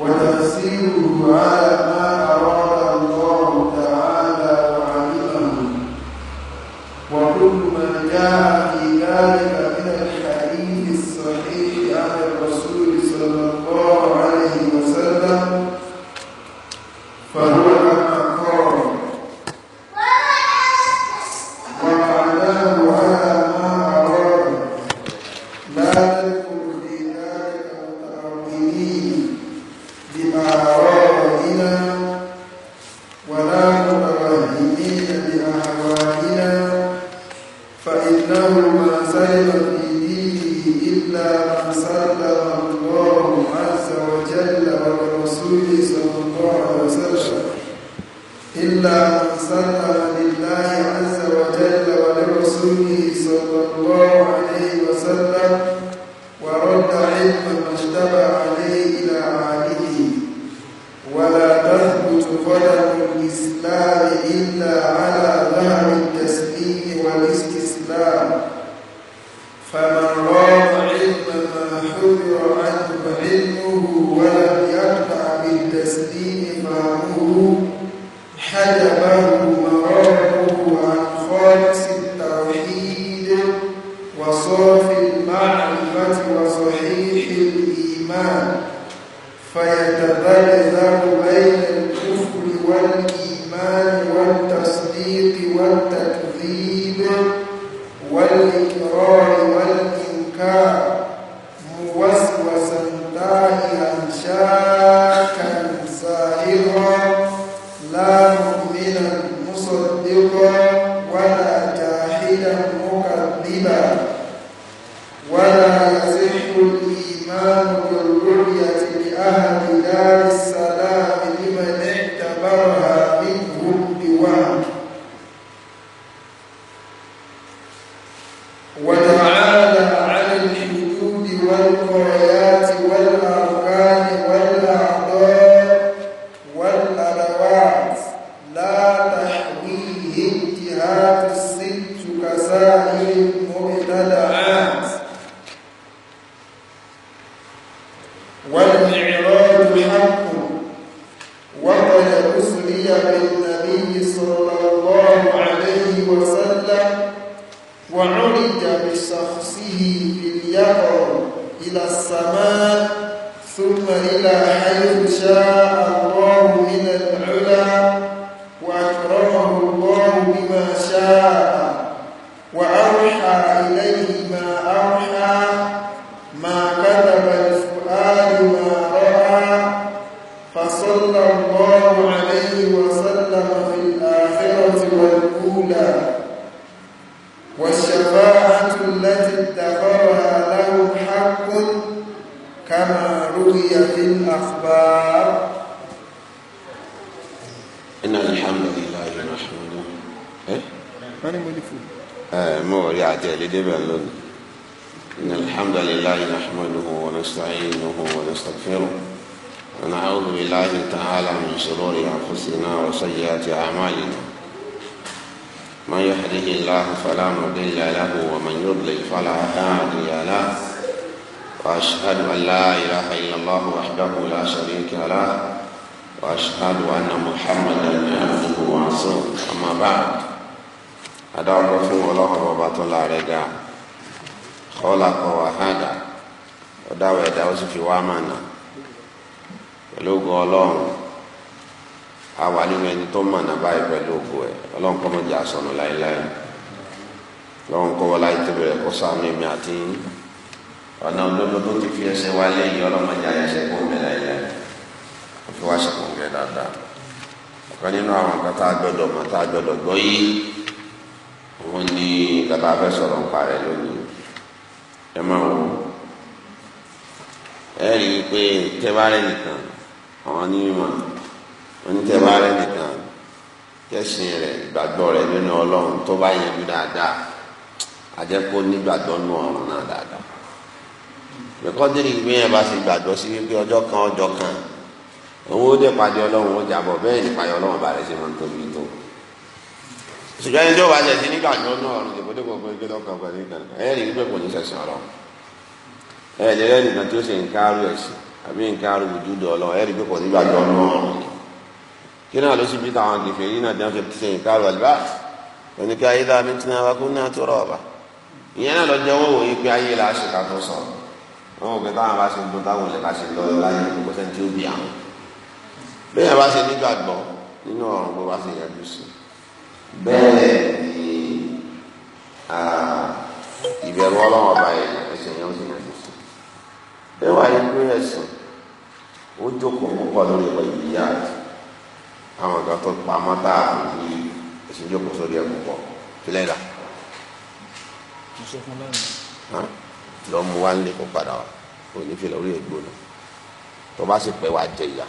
وتفسيرها ما ثم إلى حيث شاء وأشهد أن محمدا عبده ورسوله أما بعد أدعو فيه الله وبعث الله رجع خلق وهدى ọdáwọ ẹ̀dá ó sì fi wá mànà pẹ̀lú ogun Ọlọ́run a wà nínú ẹni tó mànà báyìí pẹ̀lú ogun ẹ Ọlọ́run kọ́ mọjà sọnù láéláé Ọlọ́run kọ́ wọlé ayé tó bẹ̀rẹ̀ kó sànù èmi àti ọ̀nà olódó tó ti fi ẹsẹ̀ wá lẹ́yìn ọlọ́mọdé ayẹsẹ̀ kó mẹ́ láéláé ó fi wá sọ̀kọ̀ dáadáa ọ̀kan nínú àwọn nǹkan tá a gbọ́dọ̀ mọ̀ tá a gbọ́dọ̀ gbọ́ yìí òun ni nǹkan tá a fẹ́ sọ̀rọ̀ nípa rẹ̀ lónìí ẹ máa wò ẹ rí i pé tẹ́bárẹ́ nìkan àwọn onímọ̀ onítẹ̀bárẹ́ nìkan kẹ́sìn rẹ̀ ìgbàgbọ́ rẹ̀ nínú ọlọ́run tó bá yẹn bí dáadáa àjẹpọ̀ nígbàgbọ́ nù ọ̀run náà dáadáa bẹ́kọ́dé ni ìgbéyàn bá ti gbàgbọ́ sí wípé ọjọ́ kan ọjọ́ kan òun ó dé pàdé ọlọ́run ó jábọ̀ bẹ́ẹ̀ ni pàdé ọlọ́run bá rẹ̀ ṣe máa ń tóbi tó. ṣùgbọ́n ẹni tí ó bá jẹ sí nígbà tó náà ọ̀run ìbò débò pé kí lọ́kàn pẹ̀lú ìkànnì ẹ̀rí wípé kò ní sẹ̀sìn ọ̀rọ̀ ẹ̀ lè rẹ́ nìkan tí ó ṣe nǹkan arú ẹ̀sìn àbí nǹkan arú ojúdọ̀ ọlọ́run ẹ̀rí pé kò ní gbàgbọ́ ọlọ́run kí náà ló sì bẹ́ẹ̀ bá ṣe nígbàgbọ́ nínú ọ̀run bó bá ṣe yọjú sí bẹ́ẹ̀ ni ìbẹ̀rù ọlọ́run ọba yẹn ẹsẹ̀ yẹn ó sì yọjú sí bẹ́ẹ̀ wá yẹ pé ẹ̀sìn ó jókòó púpọ̀ lórí ẹ̀kọ́ ìbíyà àwọn kan tó pa mọ́tà àbí ẹ̀sìn jókòó sórí ẹ̀ púpọ̀ filẹ̀ la lọ́mú wa ń lé kó padà wá òní fi lórí ẹ̀ tó bá sì pẹ́ wá jẹ ìyá.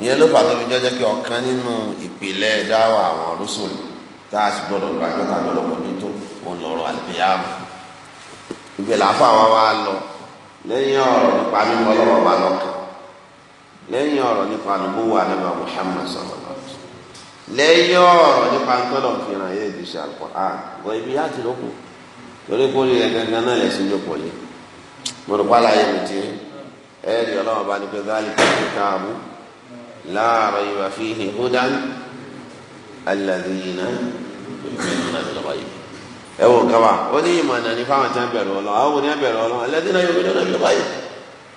ìyẹn ló fà tóbi jọjọ kí ọ̀kan nínú ìpìlẹ̀ dáwà àwọn rúṣùn tá a sì gbọ́dọ̀ gbàgbọ́ tá a gbọ́dọ̀ tó òun lọ́rọ̀ àlùbíyàmù àwọn wa lọ lẹ́yìn ọ̀rọ̀ nípa mímọ́ lọ́wọ́ bá lọ́kàn lẹ́yìn ọ̀rọ̀ nípa àlùbọ́wọ́ àlẹ́bà Muhammad sọ̀rọ̀ lẹ́yìn ọ̀rọ̀ nípa ntọ́lọ̀ pé kò ní لا ريب فيه هدى الذين يؤمنون بالغيب ẹwọ kaba ó ní ìmọ̀ náà ní fáwọn tí wọ́n bẹ̀rù Ọlọ́run àwọn tí wọ́n bẹ̀rù Ọlọ́run alladhina yu'minuna bil ghaib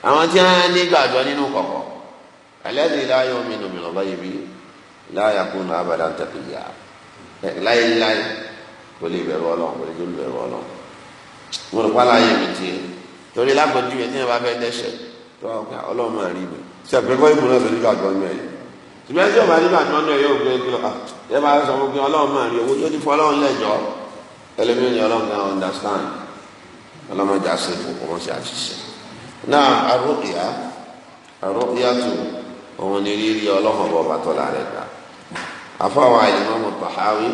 àwọn tí wọ́n ní gbàgbọ́ nínú kọ̀kọ̀ alladhi la yu'minu bil ghaib la yakunu abadan taqiyya láéláé kò lè bẹ̀rù Ọlọ́run kò lè dúró bẹ̀rù Ọlọ́run. mo rò pálá ayé mi tiẹ̀ torí lápò ju tí wọ́n bá fẹ́ dẹ́sẹ̀ tó ṣe àpẹẹrẹ ìbò náà sọ nígbà gbọ́n náà yìí ṣùgbọ́n ẹni tí ọba nígbà gbọ́n náà yóò gbé kí lọ́ka ah, ẹ bá sọ fún pé ọlọ́run máa rí owó tó ti fọ ọlọ́run lẹ́jọ́ ẹlẹ́mìíràn ni ọlọ́run náà understand ọlọ́run ẹja ṣe fún ọmọ ṣe àṣìṣe náà arúgbìá arúgbìá tó òun ni rírí ọlọ́run ọba ọba tọ́lá rẹ̀ gbà àfọwọ́ àìlèmọ́mọ́ tàháwí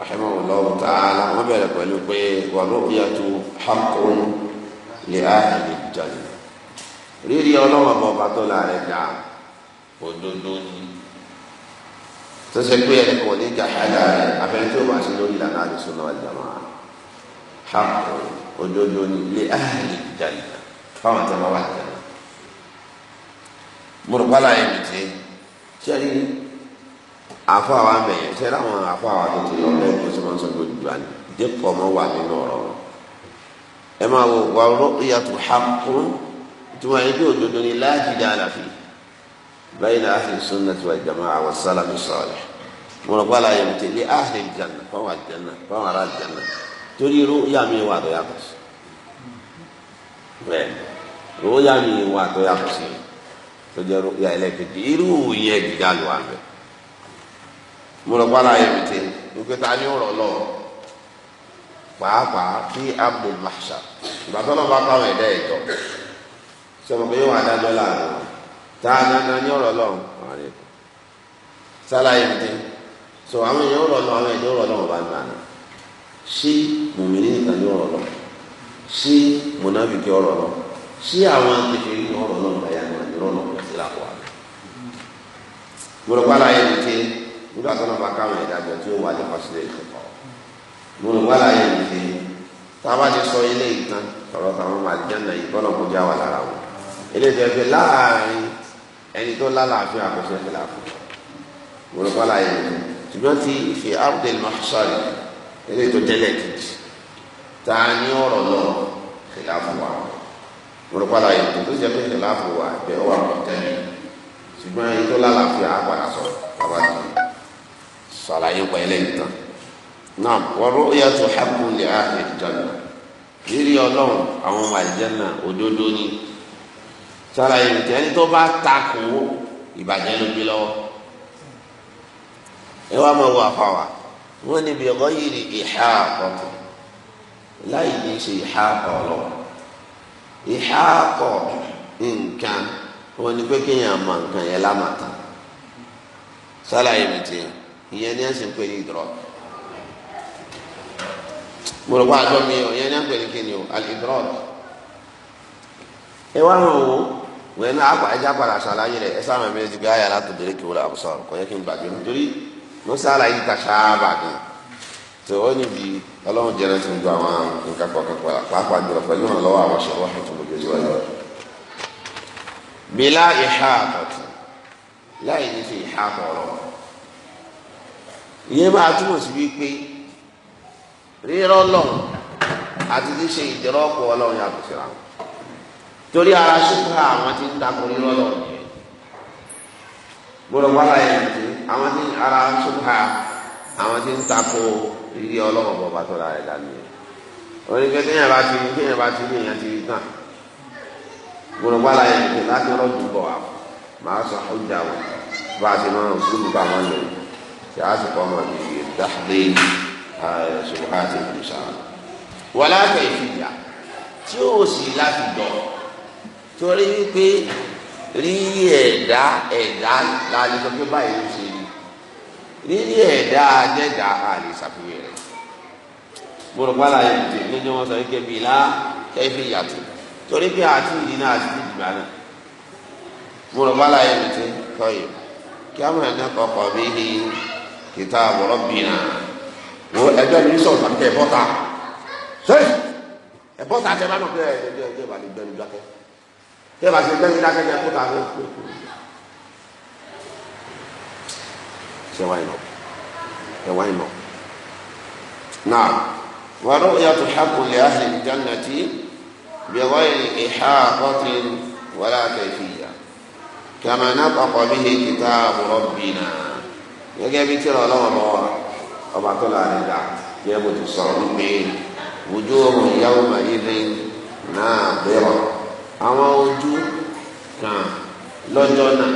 rahimahullahu ta'ala wọ́n bẹ̀rẹ̀ pẹ̀lú pé wàlúùkìyà tó hàkùn lè rírí ọlọ́wọ́n bọ̀ bàtọ́ la rẹ̀ dá òdodo ni tó ṣe pé ẹnì kan ní jàkádà rẹ̀ abẹ́rẹ́ tó bá ṣe lórí ìlànà àdìsún náà jàmá hàpọ̀ òdodo ni lè áàlì jàǹdà fáwọn tó máa wà jàǹdà. mùrùpálá yẹn mi ti ṣe àwa mẹyẹ ṣe láwọn àfọ àwa tó ti lọ bẹ́ẹ̀ kó ṣe máa ń sọ gbòdì gbà wà nínú ọ̀rọ̀ ẹ máa wò wà rọ ìyàtọ̀ hàpọ̀ ìtumọ̀ yẹn pé òdodo ni láàjìdá àlàfi báyìí náà ahli sunnati wal jama'a wa salamu salih mo rò pàlà yẹn tẹ lé ahli janna fáwọn àjànà fáwọn ará àjànà torí irú yàmi wà tó yàtọ̀ sí bẹ́ẹ̀ irú yàmi wà tó yàtọ̀ sí tó jẹ́ irú yà ẹlẹ́kẹ̀dì irú yẹ gíga lù wà bẹ́ẹ̀ mo rò yẹn tẹ nígbà tá a ní ọ̀rọ̀ lọ́wọ́ pàápàá fi abdul mahsa ìbátan náà bá káwọn ẹ̀dá ẹ̀jọ̀ sọmọ pé yóò wá dájọ́ láàrin wọn tá a dandan ní ọ̀rọ̀ lọ́hùn sálàyé mi tẹ́ so àwọn èèyàn ọ̀rọ̀ lọ́hùn àwọn èèyàn ọ̀rọ̀ lọ́hùn bá ń bá náà ṣé mùmíní nìkan ní ọ̀rọ̀ lọ́hùn ṣé mùnáfíkì ọ̀rọ̀ lọ́hùn ṣé àwọn kékeré ní ọ̀rọ̀ lọ́hùn báyà ní ọ̀rọ̀ lọ́hùn kò sí làkọ̀ àná. gbọdọ̀gbọ́ àlàyé mi tẹ́ nígbà tó náà bá káwọn ìdájọ́ tí ó wà ní pàṣẹ ìkọ̀kọ̀ gbọdọ̀gbọ́ àlàyé tá a bá ti sọ ilé ìtàn ọ̀rọ̀ táwọn máa jẹ́ náà ìbọ́lọ̀ kó wà lára wọn eléyìí ẹgbẹ́ láàrin ẹni tó lálàáfíà kò sí ẹgbẹ́ láàfin wòlùkọ́ láàyè ṣùgbọ́n ti fi abdul mahsari eléyìí tó tẹ́lẹ̀ kejì ta ni ọ̀rọ̀ lọ kìláàfù wa wòlùkọ́ láàyè tó tó jẹ́ pé kìláàfù wa ẹgbẹ́ wà pọ̀ tẹ́lẹ̀ ṣùgbọ́n ẹni tó lálàáfíà á padà sọ bàbá tó sàlàyé pa eléyìí tán náà wọ́n rọ́ yẹ tó lè áhẹ̀ jọ̀nà rírí ọlọ́run àwọn ọmọ àlìjẹ́ náà òdodo ni sára yìí tẹ ẹni tó bá takò ìbàjẹ́ ló gbé lọ́wọ́ ẹ wá máa wọ àfàwà wọn níbi ọgọ yìí rí ìhà àkọkọ láì ní ṣe ìhà ọlọ ìhà ọkọ nǹkan wọn ni pé kéèyàn mọ nǹkan yẹn lámàtà sára yìí tẹ ìyẹn ni ẹ sì ní ìdúrọ̀kì mo rò pé àjọ mi ò yẹn ní àgbẹ̀ ní kíni o alidrọ́ọ̀dù ẹ wá ràn wọ́n. wọn ní akpa ẹja padà ṣàlàyé rẹ ẹsẹ àwọn ẹmẹ ẹdìgbẹ ayé alátòbẹrẹ kí wọn àbùsọ kò yẹ kí n gbàgbé nítorí ló ṣàlàyé ta ṣáàbà ni ọlọ́run jẹrẹ ń gba àwọn nǹkan kọ̀ọ̀kan pàápàá jùlọ pẹ̀lú ìrànlọ́wọ́ àwọn ṣọwọ́ àtúntò lójoojúmọ́ bila ìhàkọ̀tì láì ní túmọ̀ sí wípé àti torí ara ṣùkúrà àwọn tí ń takò rírọ́ lọ nìyẹn gbọ́dọ̀ wàhálà yẹn ti àwọn tí ara ṣùkúrà àwọn tí ń takò rírí ọlọ́run bọ̀ bá tọ́ra rẹ̀ dání yẹn oníkẹ́ kéèyàn bá ti rí kéèyàn bá ti rí èèyàn ti rí tán gbọ́dọ̀ wàhálà yẹn ti láti rọ́jù bọ̀ wá màá sọ ọjà wọn bá a ti máa ń kúlù bá wọn lò tí a sì kọ́ ọmọ mi yìí dáhùn ṣùgbọ́n a ti kú sáà wọlé àtẹ̀ ìfìyà tí ó sì láti dọ̀rọ̀ torí wípé rírí ẹ̀dá ẹ̀dá la lè sọ pé báyìí ló ṣe ni rírí ẹ̀dá àjẹ̀dá a lè ṣàfihàn rẹ̀ gbọ́dọ̀ pàlà yìí tè lẹ́jọ́ wọn sọ wípé bíi lá kẹ́fì yàtọ̀ torí pé àti ìdí náà àti ìdí ìgbà náà gbọ́dọ̀ pàlà yìí tè tọ́yìn kí a máa dákọ̀ ọkọ̀ mi hi kìtà àbọ̀rọ̀ bìnnà wo ẹjọ́ mi sọ̀rọ̀ tàbí kẹ́ bọ́ta ṣé ẹ bọ́ta tẹ bá nọ tẹ́ bá ṣe gbẹ́mí dákẹ́jẹ́ kó ta ló kú kú ṣe wáyé lọ ẹ wáyé lọ. náà wàrú yàtọ̀ hakùn lè ahli jannati bi ghayri ihaqatin wala kayfiyya kama nataqa bihi kitabu rabbina gẹ́gẹ́ bí tí ọlọ́wọ́ lọ́wọ́ ọba tó láàrin dà yẹ bó ti sọ̀rọ̀ wípé wujuhun yawma idhin nadira àwọn ojú kan lọ́jọ́ náà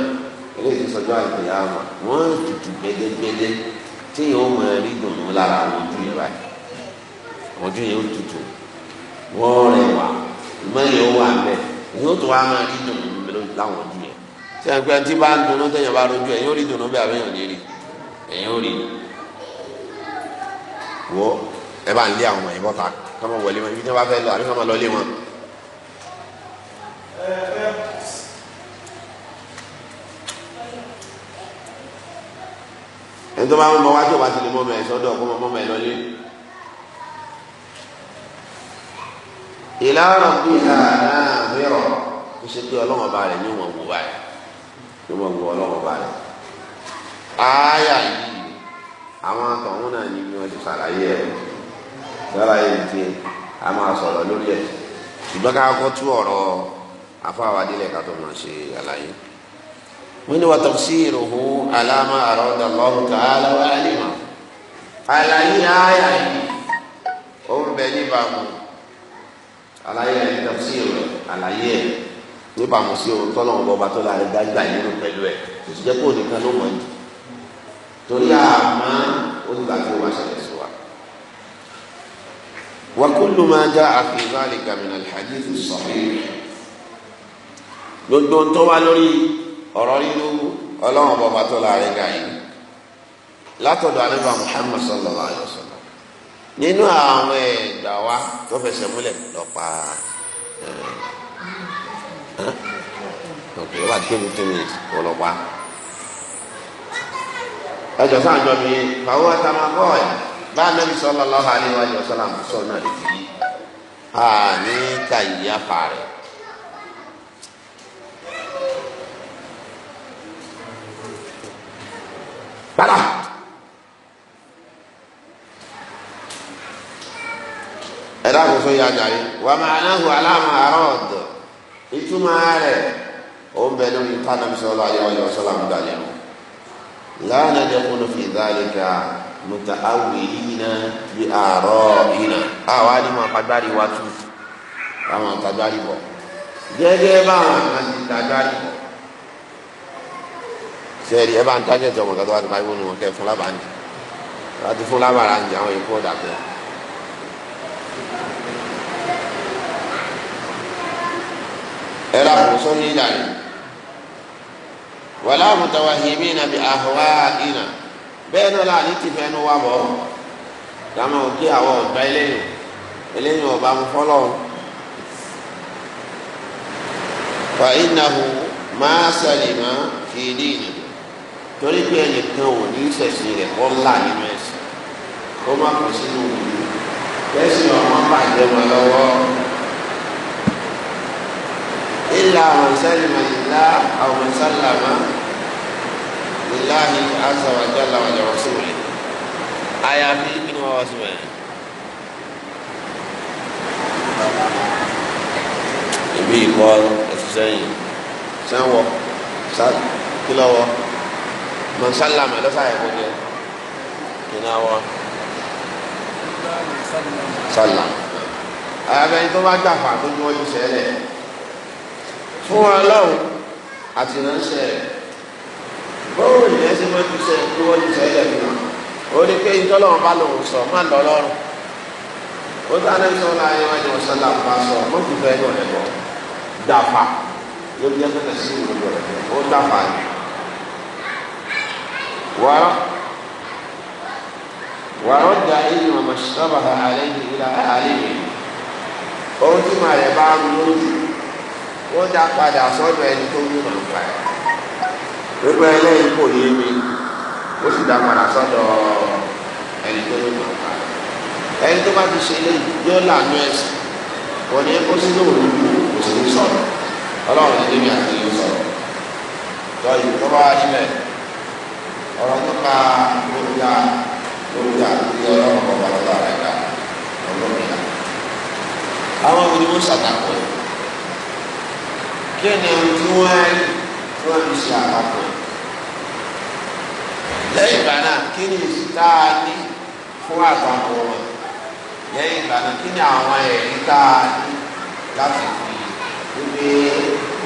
eléyìí sọjọ́ àgbẹ̀yà wọn wọ́n tutù gbẹdẹgbẹdẹ tí yóò mọ ẹrí dùnú lára àwọn ojú yẹn báyìí àwọn ojú yẹn ó tutù wọ́n rẹwà ìmọ̀lẹ̀ ó wà mẹ́ yóò tó wá máa rí dùnú láwọn ojú yẹn tí a gbé ẹtí bá ń dùnú tẹ̀yìn bá rojú ẹ̀ yóò rí dùnú bí abẹ́yàn lè rí ẹ̀yìn ó rí wọ́ ẹ bá ń lé àwọn ọmọ yẹn bọ́ta kọ́mọ wọlé wọn ibi tí wọ́n bá fẹ́ lọ àbí kọ́mọ lọ lé wọn ẹni tó bá ń mọ wá tó bá ti lè mọ mẹ sọ́dọ̀ kó mọ mọ ẹ lọlé. ìlànà bíi náà mìíràn tó ṣe pé ọlọ́wọ́n bá rẹ̀ ní ìwọ̀n wò báyìí ní ìwọ̀n wò ọlọ́wọ́n bá rẹ̀. ááyà yìí àwọn àtọ̀hún náà ní bí ti ṣàlàyé ẹ̀ ṣàlàyé ìdí ẹ̀ a máa sọ̀rọ̀ lórí ẹ̀ ṣùgbọ́n ká ọ̀rọ̀ afáwa adílẹ̀ ká tó máa ṣe àlàyé. wọ́n ní wa tafsiruhu alama arada Allahu ta'ala wa alima àlàyé àyà yìí ó ń bẹ níbàámu àlàyé ẹ̀ tafsir àlàyé ẹ̀ níbàámu sí ohun tọ́lọ́mù bọ́ba tó lára gbágbá ìlú pẹ̀lú ẹ̀ kò sì jẹ́ kó nìkan ló mọ̀ yìí torí àmọ́ ó ti gbà tó wá ṣẹlẹ̀ sí wa. wa kullu ma jaa fi dhalika min al-hadith as-sahih gbogbo ń tó wá lórí ọ̀rọ̀ nínú ọlọ́run bọ̀bá tó láàrin ga yìí látọ̀dọ̀ ànábì Muhammad sallallahu alayhi wa sallam nínú àwọn ẹ̀dá wa tó fẹsẹ̀ múlẹ̀ lọ́pa ọ̀pẹ̀ wà tó tó mi ọlọ́pa ẹjọ sáà jọ mi báwo ẹ ta máa kọ́ ẹ̀ bá ànábì sallallahu alayhi wa sallam sọ̀rọ̀ náà lè fi àní kàyí apá padà. ẹ dákun sọ yà jàre wà máa náhùn aláàmà àrọ́ọ̀dù ìtumọ̀ rẹ̀ ó ń bẹ lórí tánàbí sọlá ayé wáyé ọ̀sọ́lá ń dalẹ̀ mọ́ lánà jẹ́ kó ló fi dhalika mùtà awìlínà bí àárọ̀ ìnà àwa ni mo àpagbárí wa tù àwọn àpagbárí bọ̀ gẹ́gẹ́ báwọn àti bọ̀ sẹ́ẹ̀rì ẹ bá ń tájẹ̀tì ọmọ kan tó bá ti báyìí wọnú wọn kẹ́ fún lábàá nì láti fún lábàá ra nìyà àwọn èèyàn kó dà pọ̀. ẹ ra kò sọ ní ìlànà wàlá mutawahimina bi ahwaina bẹ́ẹ̀ náà ti fẹ́ nu wa bọ̀ dàmọ́ kí àwọn ọ̀gá eléyìí eléyìí ọba mu fọlọ́ fa innahu ma salima fi dini torí pé ẹnìkan ò ní sẹ̀sìn rẹ̀ kọ́ là nínú ẹ̀sìn kó má kó sínú òwúrò kẹ́sìn ọmọ bàjẹ́ wọn lọ́wọ́ ilà ọ̀sẹ́lìmọ̀ ilà ọ̀sẹ́lìmọ̀ ilà azàwájà làwọn ọ̀sẹ̀wọ̀n rẹ̀ àyàfi kí ni wọ́n wá sí wọ̀nyẹn. ìbí ìkọ́ ẹ̀sìn sẹ́yìn sẹ́wọ̀ kí lọ́wọ́ mọ̀nsálàmù ẹ̀lọ́sàáyẹ̀ kò jẹ́ ìnáwó sálàmù àyàfẹ́ni tó bá gbàfà tó gbọ́ yóò ṣẹlẹ̀ fún wa lọ́wọ́ àti ránṣẹ́ rẹ̀ bóun ìyẹn ṣe máa ń ṣe kí wọ́n ti ṣẹlẹ̀ fún wa ó ní pé ìtọ́lọ́wọ́n bá lòun sọ má lọ lọ́rùn ó dáná sọ́la ayé wájú ọ̀sánlá bá sọ mọ́ ti fẹ́ lọ́rẹ̀ bọ̀ gbàfà ló jẹ́ pẹ́ẹ́sì ìwúlò rẹ̀ ó gbàfà ni wàrọ̀dà ìlú màmásítàbàhà àlẹ́yìn ìlà àlẹ́yìn ohun tí màá rẹ̀ bá rú lójú wọ́n dá padà sọ́dọ̀ ẹni tó ní màmá ẹ̀ pípẹ́ ẹlẹ́yìn kò yé mi ó sì dá padà sọ́dọ̀ ẹni tó ní màmá ẹ̀ ẹni tó bá ti ṣe eléyìí yóò lànà ẹ̀sìn wọ́n ní kó sí lóòrùn lù kò sí ní sọ̀rọ̀ ọlọ́run ní débi àti ní sọ̀rọ̀ tọ́jú tó bá wá sílẹ̀ Orang nípa lójà lójà tí orang kọ́ bá lọ́la rẹ̀ dá ọlọ́mìnira àwọn wo ni kini tuan tuan kí ni ohun tí wọ́n á rí tí wọ́n fi ṣe àpapọ̀ ẹ̀ lẹ́yìn ìgbà náà kí ni ìsìta ní fún àtàwọn ọmọ lẹ́yìn ìgbà àwọn ẹ̀rí tá ní láti fi wípé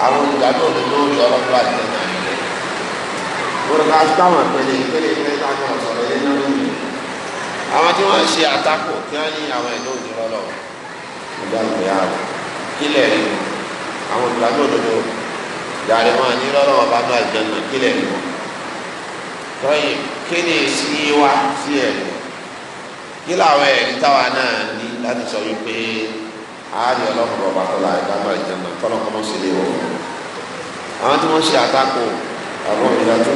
àwọn olùdájọ́ òdodo lọ́rọ́ tó àti ẹ̀dá orúkọ àtúntàwọn ìpele ìpele ìpele tá a kàn sọ̀rọ̀ yẹn náà lónìí àwọn tí wọ́n ṣe àtakò kí wọ́n ní àwọn ẹ̀dọ́ òdìrọ́ lọ ọjà ìgbéyà rẹ̀ kílẹ̀ rí wọn àwọn olùdájọ́ òdodo yàrá wọn ní lọ́rọ̀ ọba náà ìjọba kílẹ̀ rí wọn tọ́yìn kí ni èsì wa sí ẹ̀rí kí làwọn ẹ̀rí táwa náà ní láti sọ wípé àárí ọlọ́kùnrin ọba tó la ìjọba ìjọba tọ́lọ́kọ́ mọ́ àwọn ìyàtú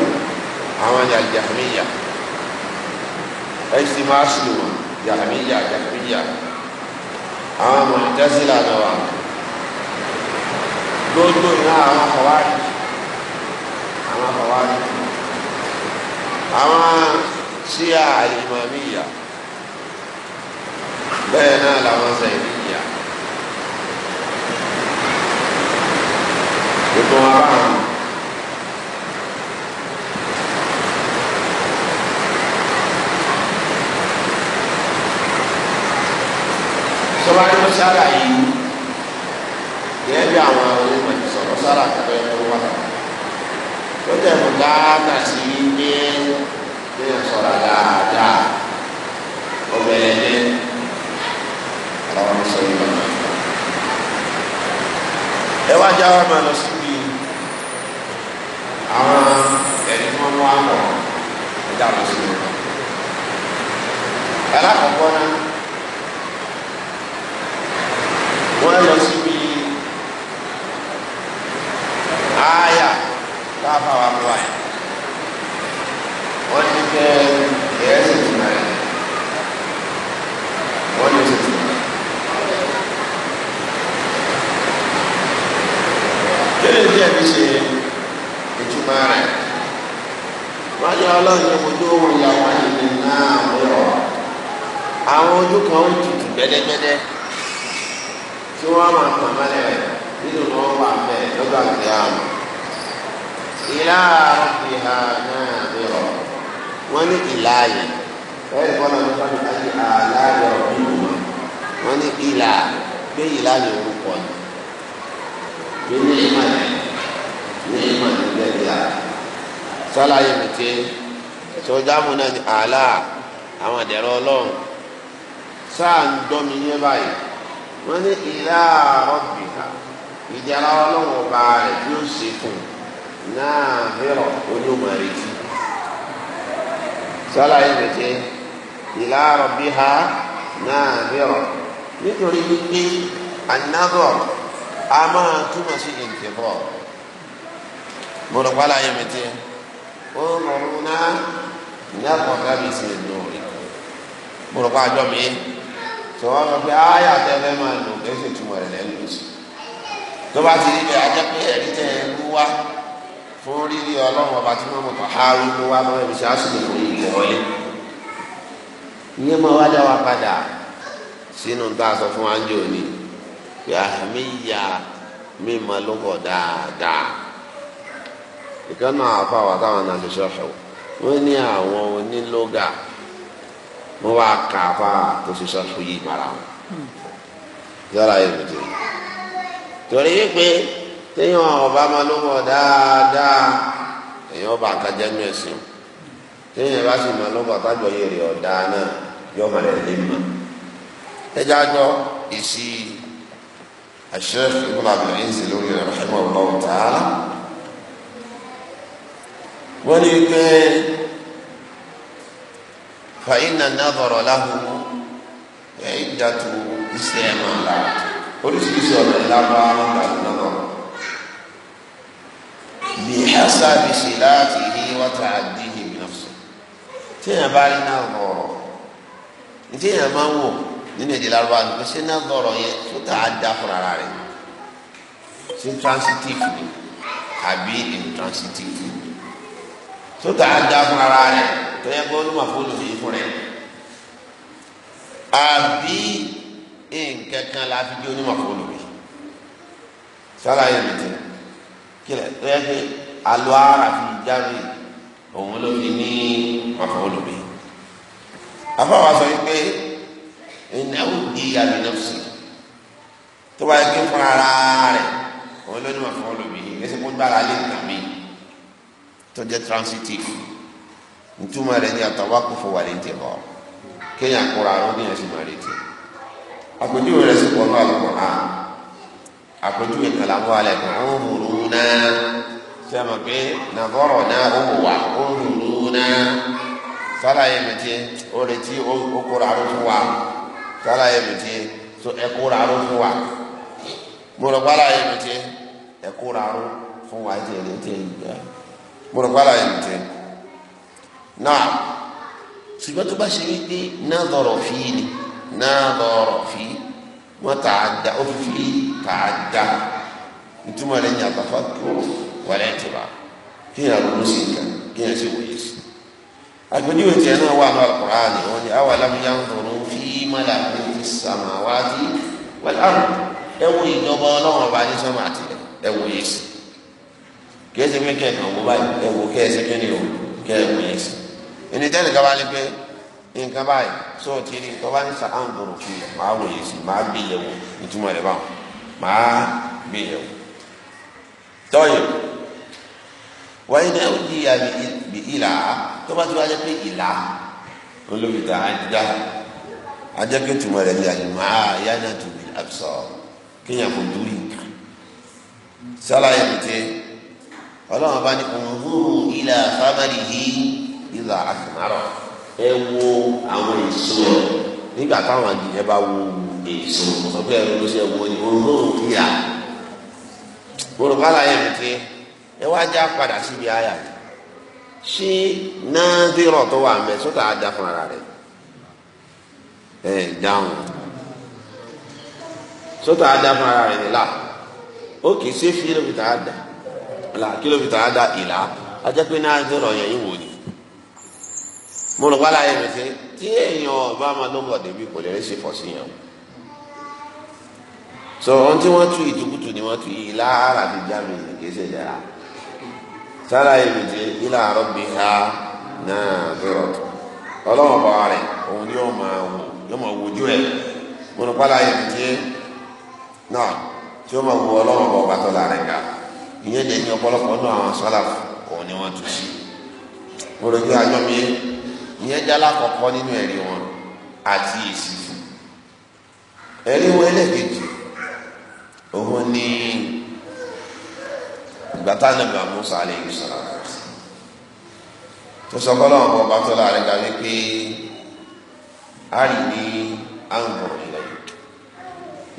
àwọn yàhàmíyà ẹsì máa sùn wọn yàhàmíyà yàhàmíyà àwọn ọmọ ìjásílà náà wà gbogbo ìná àwọn àfọwárí àwọn àfọwárí àwọn síyà àlìmọ̀míyà bẹ́ẹ̀ náà làwọn sẹ̀yìn yà gbogbo wọn bá wọn. bùkátà sí ilé kéèyàn sọ̀rọ̀ dáadáa ọbẹ̀ ẹ̀dẹ́ ọlọ́run sọ yìí lọ́nà. ẹ wá já wa máa lọ síbi àwọn ẹni tí wọ́n mú àmọ̀ ẹ̀dá lọ sí ìlú. alákọ̀ọ́kọ́ náà lè díẹ̀ fi ṣe ìtumọ̀ rẹ̀ wájú ọlọ́run ní ojú òun ìyàwó àyìnbí náà rọ̀ àwọn ojú kan ń tutù gbẹ́dẹ́gbẹ́dẹ́ tí wọ́n máa tàn mọ́lẹ̀ nínú wọn wà bẹ́ẹ̀ lọ́gbà kìláàmù ìlà ìhà náà rọ̀ wọ́n ní ìlà yìí ẹ̀rí bọ́lá ní fáwọn àti àlàyé ọ̀gbìn wọn ní ìlà gbé ìlà yòówù ní ìmọ̀ ní ìmọ̀ ní ìgbẹ́gbẹ́ à sálàyé mi ti tó jáàmù náà ní àlá àwọn ìdẹ̀rọ ọlọ́run sáà ń dọ́ mi yé báyìí wọ́n ní ìlà ọ̀bì ìjàrá ọlọ́run ọba rẹ̀ tí ó ṣe fún náà bẹ̀rọ̀ onímọ̀ retí sálàyé mi ti ìlà ọ̀bì ha náà bẹ̀rọ̀ nítorí wípé anagọ̀ ama máa túmọ̀ sí ìǹtẹ̀bọ̀ gbọdọ̀ pàlà yẹn o tiẹ̀ ó rọrùn náà ìyá kan kábí sí ìlú rẹ̀ gbọdọ̀ pàlà jọ mi tí wọ́n sọ pé áyà tẹ́lẹ̀ máa lò kẹ́sì túmọ̀ rẹ̀ lẹ́nu lọ́sùn tó bá ti rí bẹ́ẹ̀ ajẹ́ pé ẹ̀rí tẹ́ ẹ ń wá fún rírí ọlọ́run ọba tí wọ́n mọ̀ kọ́ haru ló wá lọ́wọ́ ibi tí a sì lè fún ìyẹn máa wá padà sínú tá a sọ fún wa ń jẹ́ òní. yahamiya mímọ̀ lóko dáadáa ìkan náà afa wa táwọn náà ti sọ̀rọ̀ wọ́n ní àwọn onílógà wọ́n wá ka afa tó ti sọ̀rọ̀ yìí mara wọn yọ̀rọ̀ ayé mi torí wípé téèyàn ọba ọba téèyàn bá sì àtàjọ lé الشيخ ابن عبد العزيز الأولي رحمه الله تعالى ولكن فإن النظر له عدة استعمالات oríṣiríṣi ọ̀nà ìlàbà nàdọ̀ bí ẹ̀sà bí ṣe láti ní wọ́tà àdínì nafsu tí èèyàn bá rí náà ọ̀rọ̀ tí èèyàn máa ń wò nínú èdè lárúbá ni pé ṣé náà lọ́rọ̀ yẹn tó tà á dá fúnra ara rẹ̀ ṣé transitive ni àbí intransitive tó tà á dá fúnra ara rẹ̀ tó yẹ kó ló mà fóònù yìí fún rẹ̀ àbí nǹkan kan la fi di onímọ̀ fóònù yìí sálàyé mi tẹ kílẹ̀ tó yẹ kó alọ́ ara fi járe òun ló fi ní mà fóònù afọwọ́sọ yìí pé ìnáwó di àmì nọ́ọ̀sì tó bá yẹ kí fún ara rẹ̀ òun ló ní wà fún olùmíì ẹsẹ̀ kó gbára lé nǹkan mi tó jẹ́ transitive ntúmọ̀ rẹ̀ ní àtàwọn akófò wà ní tìkọ̀ kéèyàn kóra àwọn kéèyàn sì máa retí àpèjúwe rẹ̀ sì pọ̀ ní àlùkò náà àpèjúwe kan làwọn alẹ́ kan ó hùrù náà ṣe é mọ̀ pé nàbọ̀rọ̀ náà ó wà ó hùrù náà sára mi ti ó retí ó kóra àwọn fún wa sára yẹ mi tiẹ so ẹkú ràrú fún wa mọ̀rọ̀pálá yẹ mi tiẹ ẹkú ràrú fún wa tiẹ lè tiẹ yìí mọ̀rọ̀pálá yẹ mi tiẹ náà ṣùgbọ́n tó bá ṣe é pé ni náà dọ̀rọ̀ fi wọ́n tà á da ó fi tà á da ìtumọ̀ rẹ̀ ní àtàfà kúrò wọlé tìbà kí ni àrùn ló ṣe nǹkan kí ni ẹ ṣe wòye sí àgbẹjúwe otu náà wà awa Al-Qur'ani wọn ni awalam yanzuru fi malakiti samawati wal ard ẹwọ ìjọba ọba ní sọmọ àti ẹwọ yìí sí kẹsì pé kẹkàn wọ báyìí ẹwọ kẹsì kẹni o kẹwọ sa fi ya tó bá ti wá jẹ́ pé ìlà olómìtà àdìdá ajẹ́pẹ́ tùmọ̀ rẹ̀ ní àyùmá yánà tùmí àbùsọ̀ kéèyàn kò dúrí nǹkan sálàyé mi tẹ ọlọ́run bá ní ọ̀hún ilà fámárì yìí ilà àkàmárọ̀ ẹ wo àwọn èso nígbà táwọn àgbìyàn bá wo èso ọ̀pẹ́ ẹ̀rọ ló ṣe wo ni ọ̀hún ìyá olùkọ́ àlàyé mi ẹ wá já padà síbi àyà mi. Si nàdírọ̀ tó wà mẹ́ sọ́tà á dá fún ara rẹ̀ ẹ̀ dáhùn sọ́tà á dá fún ara rẹ̀ nílà ó kì í ṣe fi kìlómítà á dá là kìlómítà á dá ìlà á jẹ́ pé nàdírọ̀ yẹn ìwò ni mo lọ wá láyé èèyàn ọba máa débi kò lè rí ṣe fọ̀ sí yàn so ohun tí wọ́n tú ìtukùtù ni wọ́n tú yìí lára fi já mi kì í ṣe yàrá. tára ìbìjì ilà àrọ́bì ha náà bẹ̀rọ̀ ọlọ́wọ́n bá onye òun yóò máa wò yóò máa wojú ẹ̀ náà tí ó máa wo ọlọ́wọ́n bá ọba tó ga ìyẹn lè ní ọ̀pọ̀lọpọ̀ náà àwọn sálàfù ìgbà tá ànábì wa Musa alayhi salam tó sọ kọ́lọ́ ọ̀pọ̀ ọba tó láàrin ga wípé a rì ní àǹbọ̀ ilẹ̀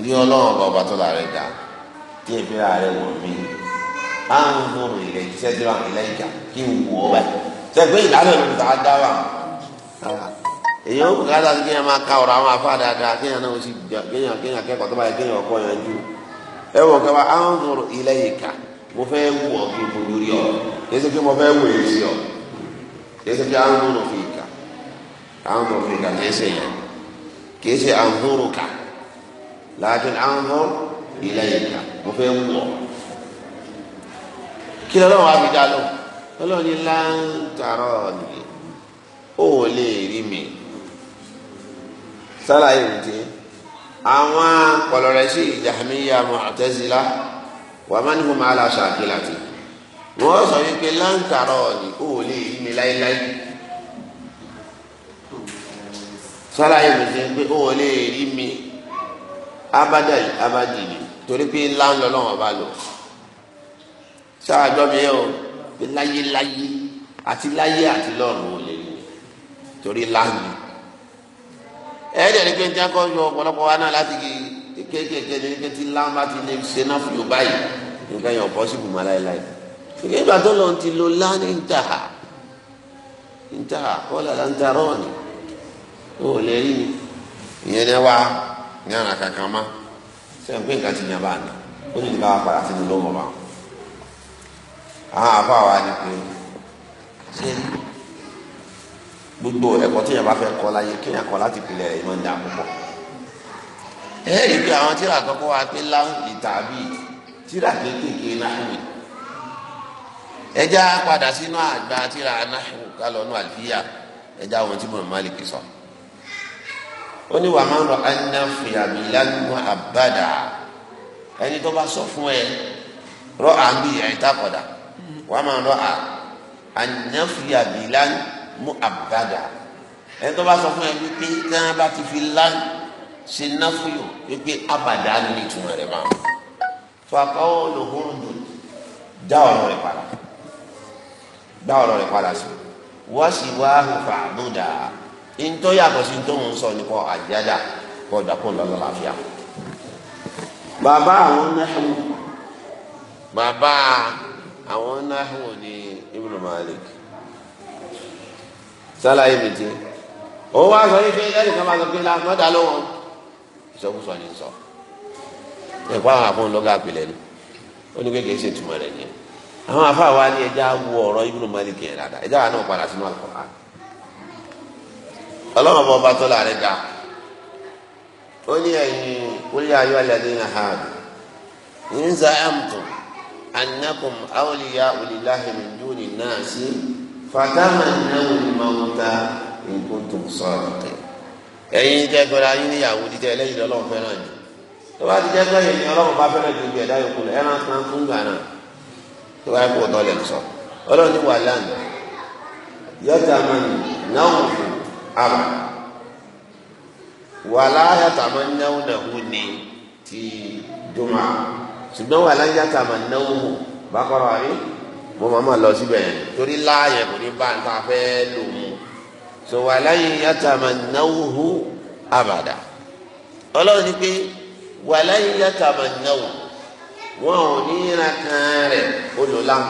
rí ọlọ́run ọba ọba tó láàrin ga tí èmi ààrẹ wọ̀ mí àǹbọ̀ ilẹ̀ iṣẹ́ tí wà nílẹ̀ ìjà kí n wù ọ́ báyìí sẹ́gbẹ́ ìlànà ìlú tá a dá wà èyàn ó bùkátà sí kéèyàn máa ka ọ̀rọ̀ àwọn afá dáadáa kéèyàn náà ó sì kéèyàn kéèyàn kẹ́kọ̀ọ́ tó báyìí kéèyàn ọkọ̀ yẹn ju ẹ̀wọ̀n kẹwàá àǹbọ̀ ilẹ̀ ìka mo fẹ́ wù ọ́ kí n fojú rí ọ kí ẹsẹ̀ kí mo fẹ́ wù èyí sí ọ kí ẹsẹ̀ kí àwọn ọmọ fi kà àwọn ọmọ fi kà kí ẹsẹ̀ yẹn kì í ṣe kà láàkín àǹhór ilẹ̀ ìkà mo fẹ́ wù kí lọ́wọ́ wa fi dá lọ ọlọ́run ní láǹtàrọ̀ nìyí ó lè rí mi sálàyé mi àwọn kọlọrẹ sí ìjàmíyà Mu'tazila wà á má ní mo máa la ṣàkí láti wọ́n sọ wípé láǹkàrọ̀ ni ó lè rí mi láéláé sọ́lá yìí mi ṣe pé ó lè rí mi abájá yìí abájì ni torí pé ńlá ń lọ bá lọ sáà mi yẹn o pé láyéláyé àti láyé àti lọ́run ò lè rí torí láàmì ẹ̀ẹ́dẹ̀ẹ́dẹ́gbẹ́ńtì akọ́jọ ọ̀pọ̀lọpọ̀ wa náà láti kì í kéékèèké ní kí tí lámbá ti lè ṣe náà fún yorùbá yìí nǹkan yẹn ọ̀pọ̀ síbùmọ́ aláìláì ṣùgbọ́n ìgbà tó lọ́n ti lo lánà ìntàhà ìntàhà kọ́lá lantarọ́ọ̀nì ó lè rí ni ìyẹn ní wá ní àná kankan má sẹ́yìn pé nǹkan ti yàn bá ní ó ní ìgbà padà sínú ló mọ̀ bá àwọn àbá wa ni pé ṣé gbogbo ẹ̀kọ́ tí yẹn bá fẹ́ kọ́ láyé kéèyàn kọ́ láti pilẹ̀ ìmọ̀ ní àkókò ẹ rí i pé àwọn tíra àkọ́kọ́ wa pé láǹkì tàbí tíra kéékèèké náhùn ẹjá padà sínú àgbà tíra náhùn kálọ̀nù àlùfíà ẹjá àwọn tí mọ̀mọ́ Málíkì sọ. ó ní wàá máa ń lọ anáfìàmì lágbó àbàdà ẹni tó bá sọ fún ẹ rọ àmì ẹ̀ta kọ̀dà wàá máa ń lọ anáfìàmì lágbó àbàdà ẹni tó bá sọ fún ẹ wípé tí wọn bá ti fi lágbó ṣe náfúyò wípé abàdá ní ìtumọ̀ rẹ̀ máa tó akáwọ́ lòhùn dùn dá ọ̀rọ̀ rẹ̀ padà dá ọ̀rọ̀ rẹ̀ padà sí wọ́n sì wá hùfà àbúdà ntọ́ yàtọ̀ sí ntọ́ ń sọ nípa àjàdà kọ́ dàkún lọ́lọ́ láfíà. bàbá àwọn náhùn bàbá àwọn náhùn ní Ibn Malik sálàyé mi ti ó wá sọ yìí pé ẹnìkan máa sọ pé làmọ́dà ló wọn. ìsọkúsọ ní sọ ẹ̀kọ́ àwọn àfọ̀n lọ́gà àpilẹ̀ ni ó ní ṣe ìtumọ̀ rẹ̀ nìyẹn àwọn afa wa ni ẹja wo ọ̀rọ̀ Ibnu Malik yẹn dada ẹja wa náà padà sínú al bọ́ bá ga ó ní ayọ́ min duni ẹ̀yin tẹ́ gbọ́dọ̀ ayé níyàwó dídẹ ẹlẹ́yìn lọ́lọ́run fẹ́ràn jù tó bá ti jẹ́ pé ẹ̀yin ọlọ́run bá fẹ́ràn jù ẹ̀dá yòókù rẹ̀ ẹran kan fún gbà tó bá kú ọ̀tọ̀ lẹ̀ sọ ọlọ́run ní wà lánàá yọta mani náwó fún àmà wà láyàtà náwó náwó ni ti wà láyàtà àrí mo máa ma lọ síbẹ̀ torí láàyè kò ní bá so wàláyìn yàtàmánáwó àbàdà ọlọ́run ni pé wàláyìn yàtàmánáwó wọn ò ní ra kan rẹ̀ olùlám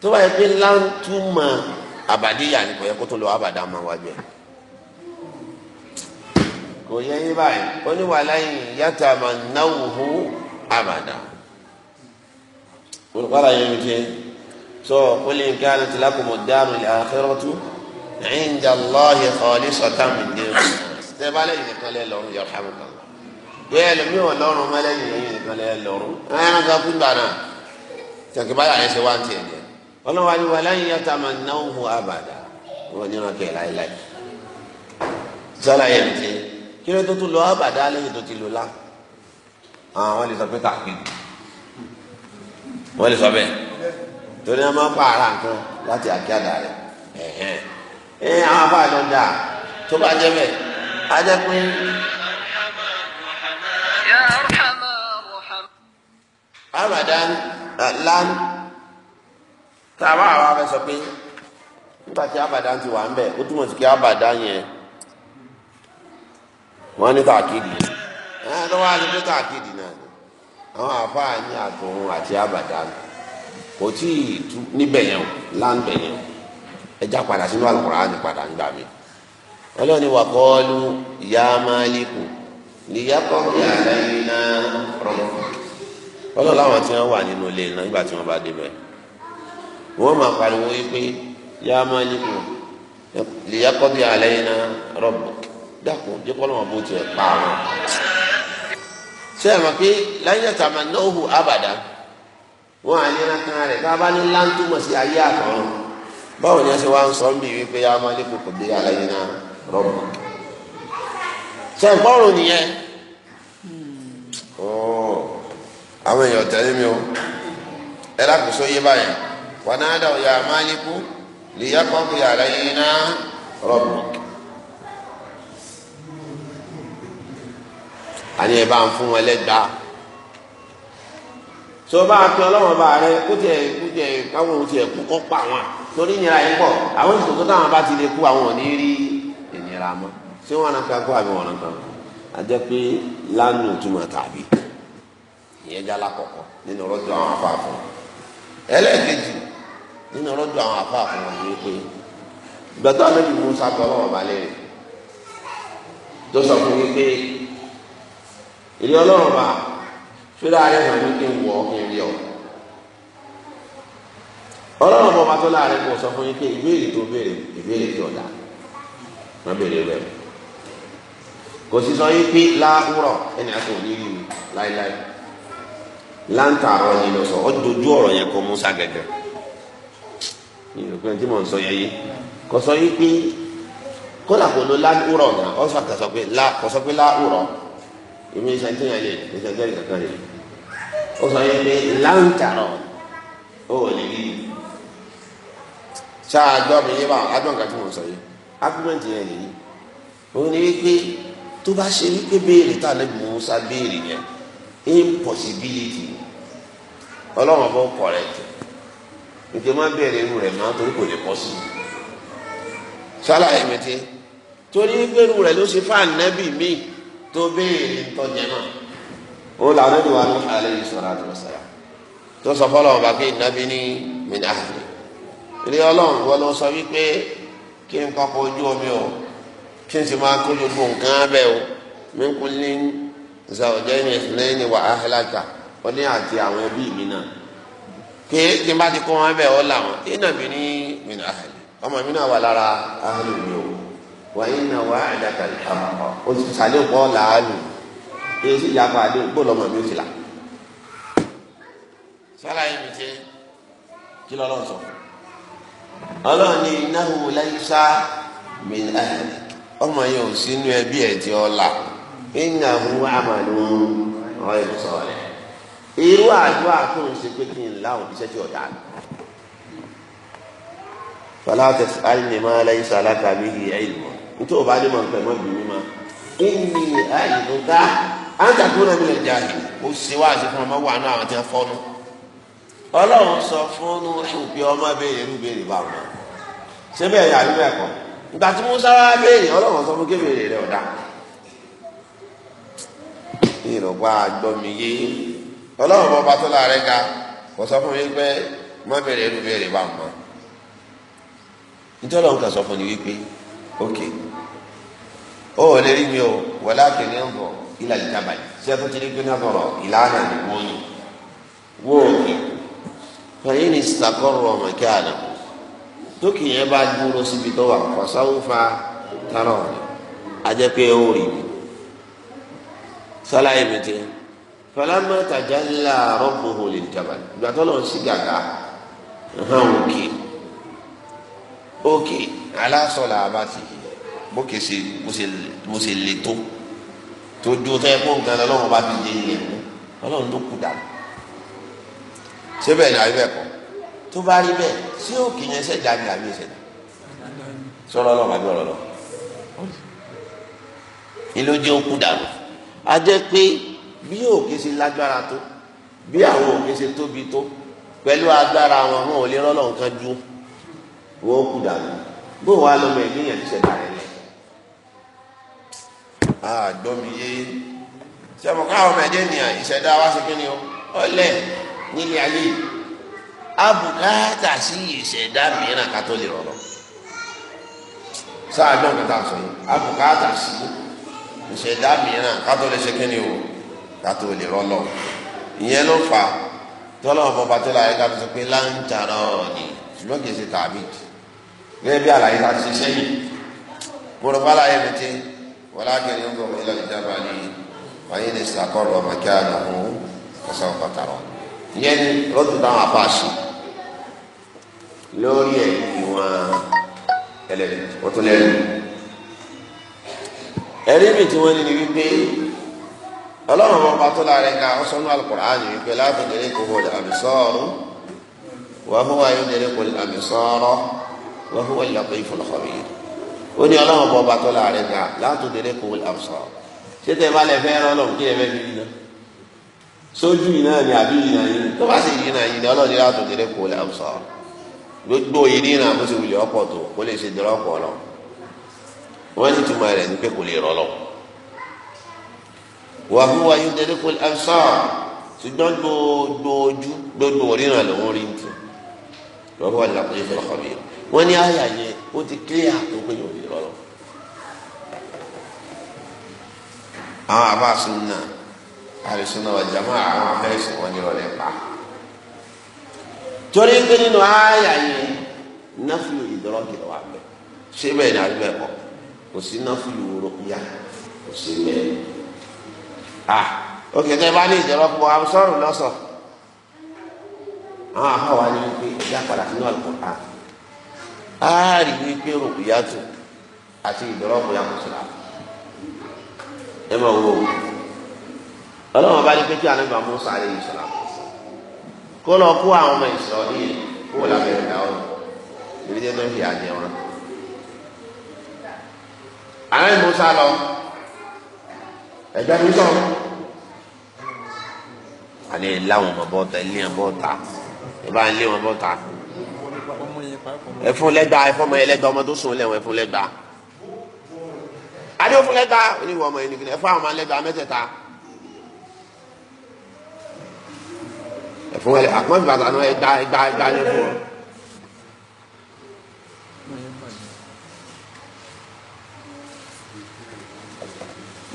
tó bá yẹ pé láńtúmọ̀ àbàdíyà ni kò yẹ kó tó lọ àbàdà máa wájú ẹ̀ kò yẹ yín báyìí ó ní wàláyìn yàtàmánáwó àbàdà olùkọ́ àlàyé mi kí so qul in kanat lakumud darul akhiratu inda Allahi khalisatan min dun tẹ bá lẹ́yìn nìkan lẹ lọ́rùn yarhamukallah bẹ́ẹ̀ lómi ò lọ́rùn mọ́ lẹ́yìn lẹ́yìn nìkan lẹ lọ́rùn ẹran kan fún gbàna tẹkibáyà ẹsẹ wá ń tiẹ̀ jẹ ọlọ́wà ni wàlá yìí yàtọ̀ àmà náwó mu àbàdà wọn ní wọn kẹ láéláé sọlá yẹn ti kí ló tó tún lọ àbàdà lẹ́yìn tó ti lò lá àwọn ah, lè sọ pé tàbí wọn lè sọ bẹ́ẹ̀ torí wọn máa ń pààrà nǹkan láti àkíyàdà rẹ ẹ̀hẹ́n. ẹ eh, àwọn afa àlọ dà tó bá jẹ bẹ a pé. Ramadan lan tàbá àwọn afẹsọ pé nígbà tí abadan ti wà ń bẹ ó túmọ̀ sí kí abadan yẹn wọ́n ní tàkìdì ẹ̀ tó wá ní pé náà àwọn àfáà ní àtòun àti abadan kò tí ì níbẹ̀ yẹn yẹn ẹja padà sínú alukurani padà ń gbà mí ọlọ́ni wà kọ́ọ́lù ya Maliku níyàtọ̀ yàrá iná rọ̀mọ́ ọlọ́run láwọn tí wọ́n wà nínú ilé iná nígbà tí wọ́n bá débẹ̀ wọ́n máa pariwo wípé ya Maliku níyàtọ̀ yàrá iná rọ̀mọ́ dàkún jẹ́kọ́lọ́ wọn bó tiẹ̀ pa wọn. ṣé ẹ mọ̀ pé láyé tàmánà òhù abàdá wọn àlẹ́ rántí rẹ̀ tá ní láńtúmọ̀ sí ayé àtọ̀run. báwo ni ẹ ṣe wá ń sọ ń bì wípé yá máa lé kòkò bí aláyé náà rọ́bù ṣe ń gbọ́rùn nìyẹn àwọn èèyàn tẹ̀lé mi o ẹ lákòóso yé báyìí wọn náà dà ọ̀yà máa lé kú lìyà kọ́kù náà rọ́bù. ẹ bá ń fún wọn tó bá a pín ọlọ́wọ́n bá rẹ kó tiẹ̀ kó tiẹ̀ káwọn ohun pa wọn. torí ìnira yìí pọ̀ àwọn ìṣòkò táwọn bá ti lè kú àwọn ò ní rí ìnira mọ́ ṣé wọn náà kankó àbí wọn náà kankó a jẹ́ pé lánà túmọ̀ tàbí ìyẹn jẹ́ alákọ̀ọ́kọ́ nínú rọ́jò àwọn afáàfọ́ ẹlẹ́ẹ̀kejì nínú rọ́jò àwọn afáàfọ́ wọn ni pé gbẹ̀tọ́ ànábì Musa bọ́ ọlọ́wọ́ balẹ̀ rẹ̀ tó sọ fún mi pé ìrí ọlọ́run bá fúlẹ̀ ayé hàn mí kí n ọlọ́run bọ́ bàtọ́ láàrin kò sọ fún yín pé ìbéèrè tó béèrè ìbéèrè tí ọ̀dà wọ́n béèrè rẹ̀ kò sí sọ yín pé láwùrọ̀ ẹni àti òní rí mi láéláé láǹtàrọ̀ ni lọ sọ ọdọdú ọ̀rọ̀ yẹn kọ musa gẹ́gẹ́ ìròpin tí mò ń sọ yẹn yé kò sọ yín pé kódà kò ló láwùrọ̀ náà ọ sọ kà sọ pé lá kò sọ pé láwùrọ̀ èmi ìṣẹ́ntẹ́ yẹn lè ìṣẹ́ntẹ́ yẹn kankan lè ó sọ yín pé láǹtàrọ̀ ó lè rí mi ṣáà gbọ́ mi yé báwọn adùn nǹkan tí mo sọ yìí argument yẹn nìyí òun ni wípé tó bá ṣe wípé béèrè tá a lè mú sá béèrè yẹn impossibility ọlọ́run ọba ó correct ǹjẹ́ má béèrè irú rẹ̀ máa torí kò lè pọ̀ sí i ṣàlàyé mi ti torí wípé irú rẹ̀ ló ṣe fáànù nẹ́bì míì tó béèrè ntọ́jẹ́ náà ó làwọn ẹni wà ní alẹ́ yìí sọ̀rọ̀ àti ọ̀sẹ̀ tó sọ fọlọ́ ọba pé ìnábì ní mìíràn àhàlẹ́ ilé ọlọ́run wọn lọ sọ wípé kí n kọ́kọ́ ojú omi o kí n sì máa kó gbogbo nǹkan abẹ́ o mi kú ní zàwọ̀jẹ́ ní ìfúnlẹ̀ ní wàhálàkà ó ní àti àwọn ẹbí mi náà pé kí n bá ti kó wọn abẹ́ ọ làwọn iná mi ní mìíràn àhàlì ọmọ mi náà wà lára àhàlì mi o wà iná wà àdàkà àmọ́ o ti sàlẹ̀ pọ̀ làálù èyí sì yàgbọ́ gbọ́dọ̀ ọmọ mi ò ti là sálàyé mi ti kí lọ́lọ́ sọ fún un ọlọ́run ní ináwó láìsá ọmọ yẹn ò sínú ẹbí ẹ̀ tí ọ la ìnà òun àmàlù ọ̀rẹ́ sọ̀rọ̀ irú àjọ àkóhùn ṣe pé kí n la òbíṣẹ́ tí ọ̀dà mi. fọlá tẹsí àìní máa lẹ́yìn sàlákà bí i ẹ̀yìn nítorí ọba ní màá pẹ̀lú ọ̀bí mi máa ìnì àìní tó ká àǹtàkùn náà mi lè jà ó ṣe wá àṣepọ̀ ọmọ wà náà àwọn tí wọ́n fọ́nù ọlọ́run sọ fún nuhu pé ọmọ béèrè ń béèrè bá wọn ṣé bẹ́ẹ̀ ni àbí bẹ́ẹ̀ kọ́ ìgbà tí musa wá béèrè ọlọ́run sọ fún kébèrè rẹ̀ ọ̀dà ìrọ̀pá gbọ́mi yé ọlọ́run bọ́ bá tó láàrẹ́ ga kò sọ fún mi pé má béèrè ń béèrè bá wọn nítorí ọ̀hún kan sọ fún mi wípé ok ó ò rí mi o wọlé àkèrè ń bọ̀ ilà ìjábàlì ṣé ẹ tó ti rí pé náà sọ̀rọ̀ ìlànà ìwọ́nyìn wọ́ọ̀kì fẹ̀yìn ìsàkọ́rọ̀ ọmọ kí àná tókì yẹn bá gbúrò síbi tó wà kọ́sáwó fa tààrà ọ̀rẹ́ ajẹ́pẹ́ ó rí mi sálàyé mi ti falama tajalla rabbuhu lil jabal ìgbà tó lọ sí gàgà hàn òkè òkè alásọ̀là àbátì bókè ṣe mo ṣe lè tó tó dúró tẹ́ fún nǹkan lọ́wọ́ bá fi yé yẹn ọlọ́run ló kù dànù ṣé bẹ́ẹ̀ ni àbí bẹ́ẹ̀ kọ́ tó bá rí bẹ́ẹ̀ ṣé òkè yẹn ṣẹ̀dá ni àbí ṣẹ̀dá sọ̀rọ̀ lọ́wọ́ àbí ọ̀rọ̀ lọ. ìlú jẹ́ okú dànù a jẹ́ pé bí òkè ṣe lágbára tó bí àwọn òkè ṣe tóbi tó pẹ̀lú agbára wọn wọn ò lè rọ́lọ́ nǹkan ju wọn ó kú dànù bó wàá lọ́mọ ẹ̀ níyàn ti ṣẹ̀dá rẹ̀ lẹ̀. àgbọ̀n mi yé sẹ́mu káwọn ọmọ ẹ̀jẹ̀ nìyà ìṣẹ̀dá wa ṣe kí ni ó ọlẹ́ẹ̀ nílé ayé yìí abùkátà sí ìṣẹ̀dá mìíràn ká tó lè rọrọ sáà gbọ́n kí n ta sọ yìí abùkátà sí ìṣẹ̀dá mìíràn ká tó lè ṣe kí ni o ká tó lè rọlọ ìyẹn ló fà á tọ́lọ́ ọ̀bọ̀bà tó la yẹ ká fi sọ pé láǹtàrà ni ṣùgbọ́n kì í ṣe tàbí gẹ́gẹ́ bí àlàyé ta ṣe sẹ́yìn gbọ́dọ̀ bá láyé mi ti wọ́n lágbẹ̀rẹ̀ ń bọ̀ wọ́n ilé ìjábá ni wọ́n yé ní sàkọ́rọ̀ ọmọ kí á nà fún ọ̀sán ọ̀pá tààrọ̀ ni ìyẹn ni rọ́dù táwọn afa ṣe lórí ẹ̀ ìwọ̀n ẹlẹ́rìí wọ́n tún lẹ́rìí ẹ̀rí mi tí wọ́n ní ni wípé ọlọ́run ọba tó la rẹ̀ ká ọ̀sánú alukùránì wípé láàbùdéré kò wọlé àbísọ́ọ̀rù wàhùn ayọ̀déré kò wọlé àbísọ́ọ̀rọ̀ wàhùn wọlé àpò ìfọlọ́kọ̀bí ó ní ọlọ́run ọba tó la rẹ̀ ká látòdéré kò wọlé àbísọ́ọ̀rù sójú iná ni àbí iná yìí tó bá sì iná yìí ni ọlọ́run yóò tó kéré kó lè amsa gbogbo yìí ní iná àbúṣe wulẹ̀ ọkọ̀ tó kó lè ṣe dọ́rọ́pọ̀ lọ wọ́n sì túmọ̀ rẹ̀ ní pé kò lè rọ́ lọ. wà fún wa yóò kéré kó lè amsa ṣùgbọ́n gbogbo ojú gbogbo oríran lòún rí ní wọ́n fún wa ní àkójọ fún ọkọ̀ mi wọ́n ní àyà yẹn ó ti kílíà tó pé yóò lè rọ́ àwọn àbá àlùsùn náà jama àwọn afẹ́sùn wọn ni ọ̀rẹ́ pa. torí pé nínú àyà yẹn náfìlù ìdọ́rọ̀kì wà bẹ́ẹ̀ ṣé bẹ́ẹ̀ ni àbí bẹ́ẹ̀ kọ́ kò sí náfìlù rúkúyà kò sí bẹ́ẹ̀. à òkè tẹ́ bá ní ìdọ́rọ̀kọ̀ àmúsọ̀rùn lọ́sọ̀ àwọn àhàwá ni wípé ẹ̀dá padà sínú Al-Qur'an rí wípé rúkúyà tó àti ìdọ́rọ̀kọ̀ yà kò sí ra ẹ máa wọ òkú ọlọ́run bá ní pé kí anábà Musa alayhi salam kó lọ kó àwọn ọmọ ìsọ̀rí kó wọ́n lábẹ́ ìdá ọ̀rọ̀ ìdílé tó ń fi àjẹ wọn. anábì Musa lọ ẹgbẹ́ mi sọ alẹ́ láwọn ọmọ bọ́ta ilé wọn bọ́ta ìbá ilé wọn bọ́ta ẹfun lẹgba ẹfun ọmọ yẹn lẹgba ọmọ tó sùn lẹwọn ẹfun lẹgba adé òfun lẹgba oníwọ ọmọ yẹn nìkan ẹfun àwọn ọmọ lẹgba mẹ́tẹ̀ẹ̀ta. ẹ̀fún ẹ̀lẹ́ àpọ́n ìbàdàn náà ẹgbà ẹgbà ẹgbà yẹn fún ọ.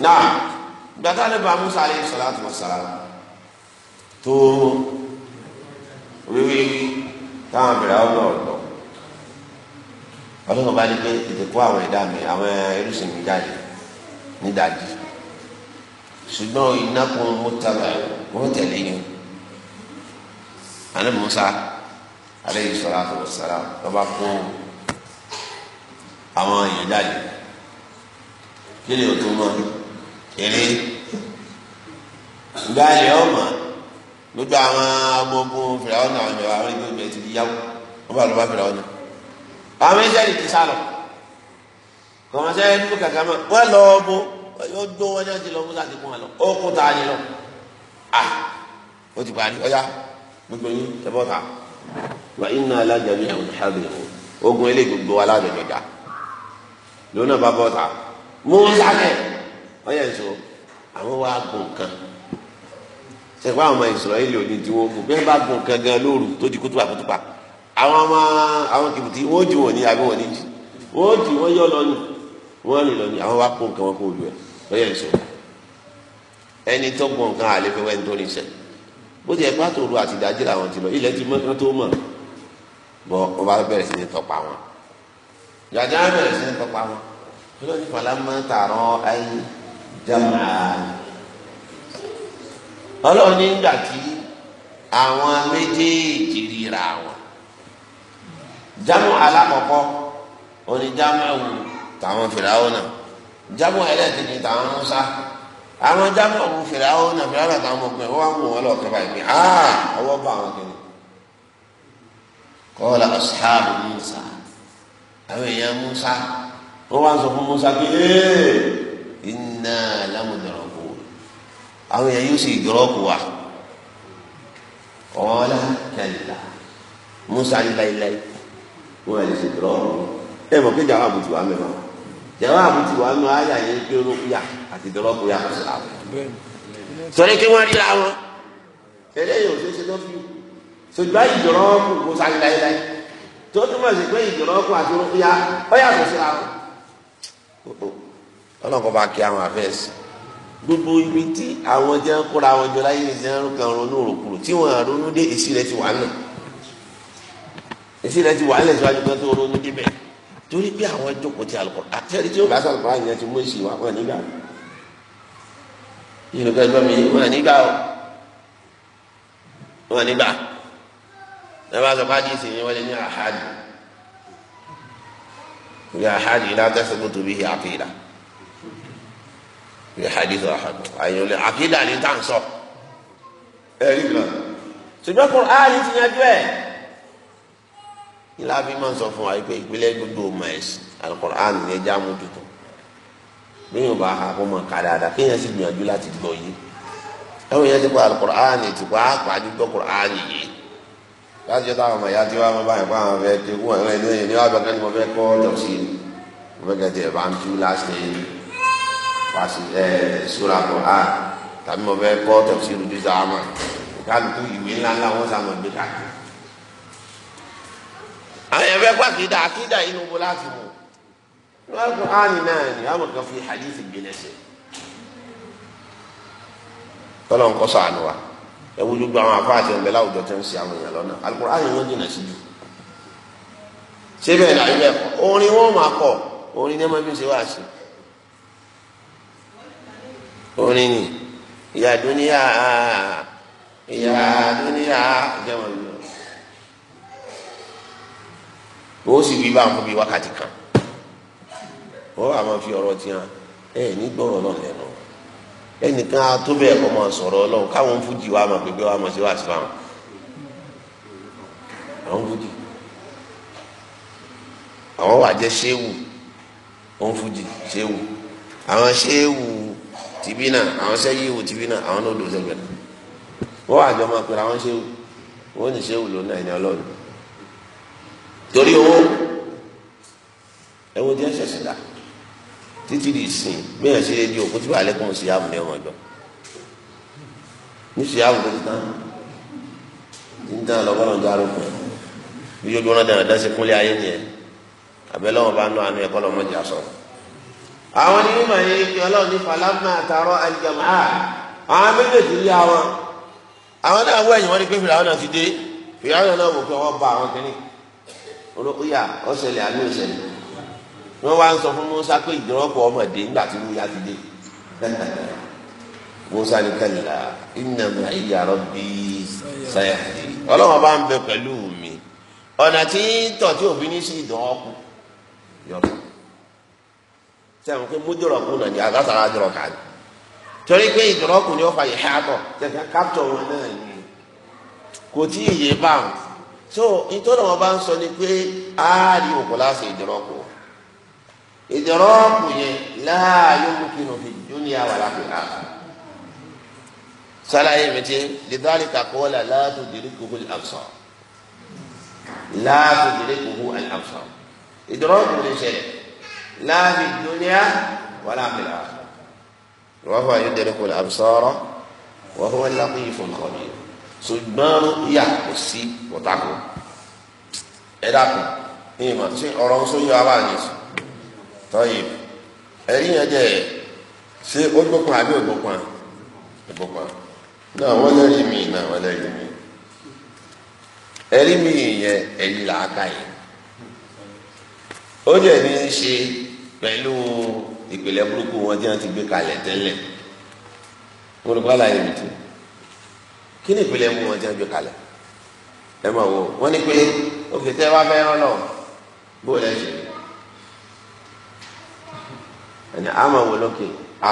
náà gbàtà lè ba Musa aleyhi salatu wa salam tó wíwíwí táwọn abẹ̀rẹ̀ àwọn náà lọ ọlọ́run bá ní pé tètè àwọn ẹ̀dá mi àwọn ẹrúsìn mi jáde nídàájí ṣùgbọ́n iná kún mọ́tàlá wọ́n àná musa aleyhi salatu wa salam lọba kó àwọn èèyàn jáde kí ni o tó mọ eré ìgbà ilẹ̀ ọmọ lójú àwọn ọmọ ogun fìlàwọ́n náà ọmọ àwọn ẹgbẹ́ obìnrin ti di yáwó wọ́n bá lọ bá fìlàwọ́n náà àwọn ẹ̀jẹ̀ ti sálọ kọ̀mọ̀sẹ́ ẹ̀dúgbò kàkà mọ́ wọ́n lọ ọmọ yóò dún wọn jáde lọ musa ti kún wọn lọ ó kún tààyè lọ ah ó ti parí ọ̀ya gbogbo yín tẹ́bọ̀ ta wà iná alájàmí àwọn ìṣàbẹ̀ o ogun ilé gbogbo alájọjọjà lónà bá bọ̀ ta mú sálẹ̀ ọyẹ nsọ àwọn wa gùn kan sẹ́kọ̀ àwọn ọmọ ìsọ̀rọ̀yìn lòdì tí wọ́n gùn bẹ́ẹ̀ bá gùn kan gan lóru tó di kútùpà kútùpà àwọn ọmọ àwọn kìbìtì wọ́n jù wọ́n ní àbí wọ́n ní jù wọ́n jù wọ́n yọ lọ́nù wọ́n rìn lọ́nù àwọn wa kó nǹkan wọn kó olú ẹ̀ ọyẹ nsọ ẹni tó gbọ̀n kan àlefẹ́ wẹ́ni tó ní sẹ́yìn bó ti ẹ̀pá tó ru àtìdájí làwọn ti lọ ilẹ̀ ti mọ́ tó mọ̀ bọ́ ọ bá bẹ̀rẹ̀ sí ní tọpa wọn jàjà bẹ̀rẹ̀ sí ní tọpa wọn olórí falama tààrọ ayé jama ọlọ́ọ̀ni ńgbà tí àwọn méjèèjì ríra wọn jamu alakọkọ oní jamu táwọn fìlà wọn náà jamu ẹlẹ́tìní táwọn musa àwọn jámọ̀ ọ̀hún fèrè àwọn ọ̀nà fèrè àtàwọn ọmọ ọkùnrin wọn wá ń wò wọn lọ́ọ̀kan báyìí pé áà ọwọ́ bá àwọn kìnnì. kọ́ọ̀lá ọ̀sáàbù Musa àwọn èèyàn Musa wọ́n wá ń sọ fún Musa pé ee iná lámùdọ̀rọ̀kù àwọn èèyàn yóò sì dọ̀rọ̀kù wa. kọ́ọ̀lá kẹlẹ́lá Musa ní láíláí wọ́n yà dọ̀rọ̀kù ẹ̀ mọ̀ kéjà àwọn àbùtù wa mẹ́fà jẹ̀wọ́ àbútí wa nù ayà yẹn pé olókùyà àti ìdọ́lọ́kùyà kò sí làwọn. torí kí wọ́n ríra wọn eléyìí ò ṣeé ṣe lọ́fíì ṣùgbọ́n ìdọ́lọ́kù kò sáré láéláé tó túmọ̀ sí pé ìdọ́lọ́kù àti olókùyà ó yàtọ̀ sí làwọn. ọlọ́kọ̀ bá kí àwọn àfẹ́sì gbogbo ibi tí àwọn jẹ́ ń kóra àwọn jọ láyé ìṣẹ́ ń kan ronú òròkùrò tí wọ́n ronú dé èsì torí pé àwọn ẹjọ́kọ̀ ti àlùkò àtẹ́rí tí ó bá sàlùkò àyìn yẹn ti mú èsì wá wọn nígbà yorùbá ẹgbẹ́ mi wọn nígbà o wọn nígbà ẹ bá sọ pé àdìsí yẹn wọlé ní àhádì ìyá àhádì ilá tẹ́sán tó bí àkìlá ìyá àhádì sọ àhádì àyìn olè àkìlá ní tàǹsọ̀ ẹ̀rí kan ṣùgbọ́n kò áàlì ti yanjú ẹ̀ ìlàfi máa ń sọ fún wa pé ìpínlẹ̀ gbogbo ọmọ ẹ̀sìn alukur'an ní ẹja mójútó bí yóò bá a kó mọ ká dáadáa kéèyàn sì gbìyànjú láti gbọ́ yìí ẹ̀wọ̀n yẹn ti kọ́ alukur'an ti kọ́ àpàdé gbọ́ kur'an yìí láti jọ táwọn ọmọ ìyá tí wàá mọ báyìí fún àwọn ọmọ ẹ̀dínkù ẹ̀rọ ẹ̀dínkù ẹ̀dínkù ẹ̀dínkù abẹ́kẹ́ ni mo fẹ́ kọ́ tọ̀sí mo fẹ́ kẹ́ tiẹ̀ bá ń tú láti pàṣẹ ẹ̀ sura kur'an tàbí mo fẹ́ kọ́ tọ̀sí rúdú sàmà kálukú ìwé ńláńlá wọn sàmà gbé káàkiri àwọn yẹn fẹ́ kó àkídà àkídà inú bo láti wò wọn kò áni náà ni àwọn kan fi hadith gbélé ṣe tọ́lọ̀ ń kọ́ sànù wa ẹ wújú gba àwọn afá àti ẹ̀mẹ́lá òjò tẹ́ ń ṣe àwọn èèyàn lọ́nà Al-Qur'an yìí jìnnà sí jù ṣé bẹ́ẹ̀ ni kọ́ orin wọn máa kọ orin ní ẹ máa fi ṣe wá sí orin ni ìyá dúníyà ìyá dúníyà ìjẹun ìlú. ó sì wí báwọn fún bíi wákàtí kan ó wà máa fi ọ̀rọ̀ tiẹ̀ ẹ ní gbọ́rọ̀ náà lẹ́nu ẹnìkan tó bẹ́ẹ̀ kọ́ máa sọ̀rọ̀ ọlọ́run káwọn fújì wa máa pépé wa máa ṣe wá sí fáwọn àwọn fújì àwọn wà jẹ́ ṣéwù òun fújì ṣéwù àwọn ṣéwù tìbínà àwọn ṣéyíwù tìbínà àwọn náà dòṣẹ́gbẹ̀rẹ̀ wọ́n àjọ máa pèrè àwọn ṣéwù wọ́n ní ṣéwù lónìí ẹ̀yìn ọlọ́run torí owó ẹwọ díẹ̀ ṣẹ̀ṣẹ̀ dà títí di ìsìn bí ẹ ṣe é di òkú tí wàá lẹkùn sí àmì ní ọmọdé ní sí àmì tó ti tán tí ń tán lọ́gbọ́n lọ́jọ́ àrùkù bí yóò dúró dáná dáná sí kúnlẹ̀ ayé nìyẹn àbẹ̀lẹ̀ wọn bá nú àánú ẹ̀kọ́ lọ́mọdé àṣọ. àwọn ní mímọ yìí kí ọlọ́run ní falafel àtàrọ àlìjàmá àwọn méjèèjì rí àwọn àwọn náà wọ ẹ̀yìn wọn ni pé fìlà àwọn náà ti dé fìlà àwọn náà wò pé wọn bá àwọn kìnnìkan olókùyà ọ̀sẹ̀lẹ̀ àbí ọ̀sẹ̀lẹ̀ wọ́n wá ń sọ fún Musa pé ìdúrọ́pọ̀ ọmọdé nígbà tí wúyà ti dé Musa ní kalla inna ma'iya rabbi sayahdi ọlọ́wọ́n bá ń bẹ pẹ̀lú mi ọ̀nà tí tọ̀ tí òbí ní sí ìdúrọ́pọ̀ yọ̀rọ̀ sẹ́wọ̀n pé múdúrọ̀kù náà ni àgàtàrà dúrọ̀kà ni torí pé ìdúrọ̀kù ni ó fa ìhẹ́ àtọ̀ tẹ̀ka kápítọ̀ wọn náà ni kò tí ì yé báwọn so nítorí wọn bá ń sọ ni pé áàrí òkú láti ìdìrọ́kù ìdìrọ́kù yẹn láàyò mùkínú fi dúnìá wà lápẹ̀lá sálàyé mi ti lidali kakọ́lá láti dirikuhu al-absar láti dirikuhu al-absar ìdìrọ́kù lè ṣẹlẹ̀ láti dúnìá wà lápẹ̀lá wọ́n fọ ayédèrè kò lè absara wọ́n fọ wọ́n lápẹ̀ yìí fún kọ́ni ṣùgbọ́n yà kò sí pọ̀tàkù ẹ dàkùn ní ìmọ̀ tí ọ̀rọ̀ ńsọ yọ abá yẹn sùn tọ́yì ẹ̀rí yẹn jẹ́ ṣé ó gbókun àbí ògbókun ògbókun náà wọ́n lẹ́rìí mi náà wọ́n lẹ́rìí mi ẹ̀rí mi yẹn ẹ̀yìn là á ká yẹn ó dẹ̀ ní í ṣe pẹ̀lú ìpìlẹ̀ burúkú wọn tí wọ́n ti gbé kalẹ̀ tẹ́lẹ̀ olùkọ́ àlàyé mi tún kí ni ìpìlẹ̀ mú wọn jẹ́ gbé kalẹ̀ ẹ máa wò wọ́n ní pé òkè tẹ́ wá fẹ́ rán lọ bó lẹ́ ṣe ẹni a máa wò lókè a